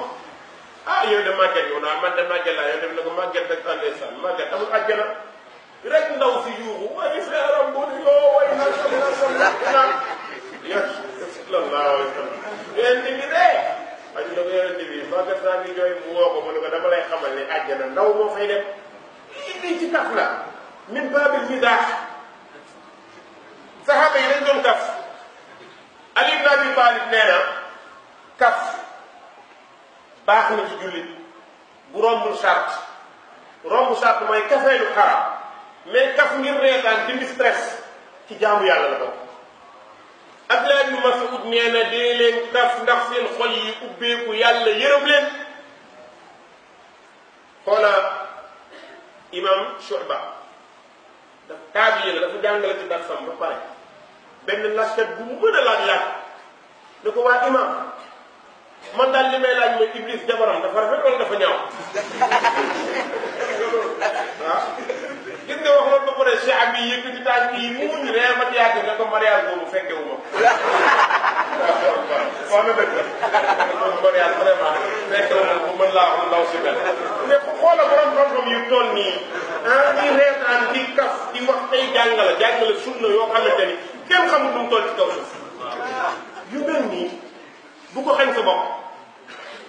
B: ah yow de màgget yow naa man de màgget laa yow dem na ko màgget rek tànnee sànni màgget amul àjjana rek ndaw si yuuxu waaye frère bu di yoo way na sam na sam na
A: yow sallallahu alayhi wa
B: sallam yonent bi mu woo mu ne ko dama lay xamal ne àjjana ndaw moo fay dem lii ci kaf la min baabil midaax saxaaba yi dañ doon kaf Ali ibn Abi Talib nee kaf baax na ci jullit bu rombul sart rombu sart mooy kafeelu xaraam mais kaf ngir reetaan dindi stress ci jaamu yàlla la bokk Abdullah ibn Mas'ud nee na dee leen kaf ndax seen xol ubbeeku yàlla yërëm leen xoola imam Shuba daf taabiye la dafa jàngale ci darsam ba pare benn laskat bu mu mën a laaj laaj ne ko waa imam man daal li may laaj mooy Iblis jabaram dafa rafet wala dafa ñaaw ah gis nga wax loolu ba pare saa bi yëkkati taaj bi muuñ réer ba yàgg nga ko mariage boobu fekke wu ma. waaw na dëgg loolu mariage vraiment fekke wu ma bu mën laa wax ndaw si mel. mais ku xoolal borom xam-xam yu toll nii ah di reetaan di kaf di wax tey jàngale jàngale sunna yoo xamante ni kenn xamul lu mu toll ci kaw suuf yu mel nii bu ko xañ sa bopp.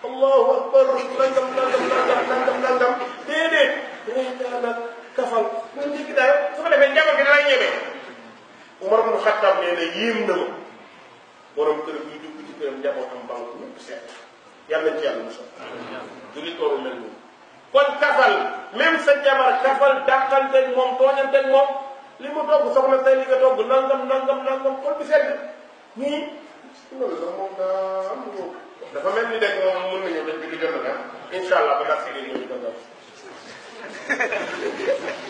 B: Allahu akbar nangam nangam nangam nangam nangam déedéet dede, ñaan ak kafal mu njëkk daal su ko defee Umar ibn Khattab nee na yéem na ma borom kër buy dugg ci këram njabootam bang ñëpp seet yàlla ci kon kafal même sa kafal dàqanteeg moom tooñanteeg moom li mu togg soxna tey li nga togg nangam nangam nangam la dafa mel ni rek moom mun nañu dañ bi du jot na incha allah ba gas si lii
A: ñu ko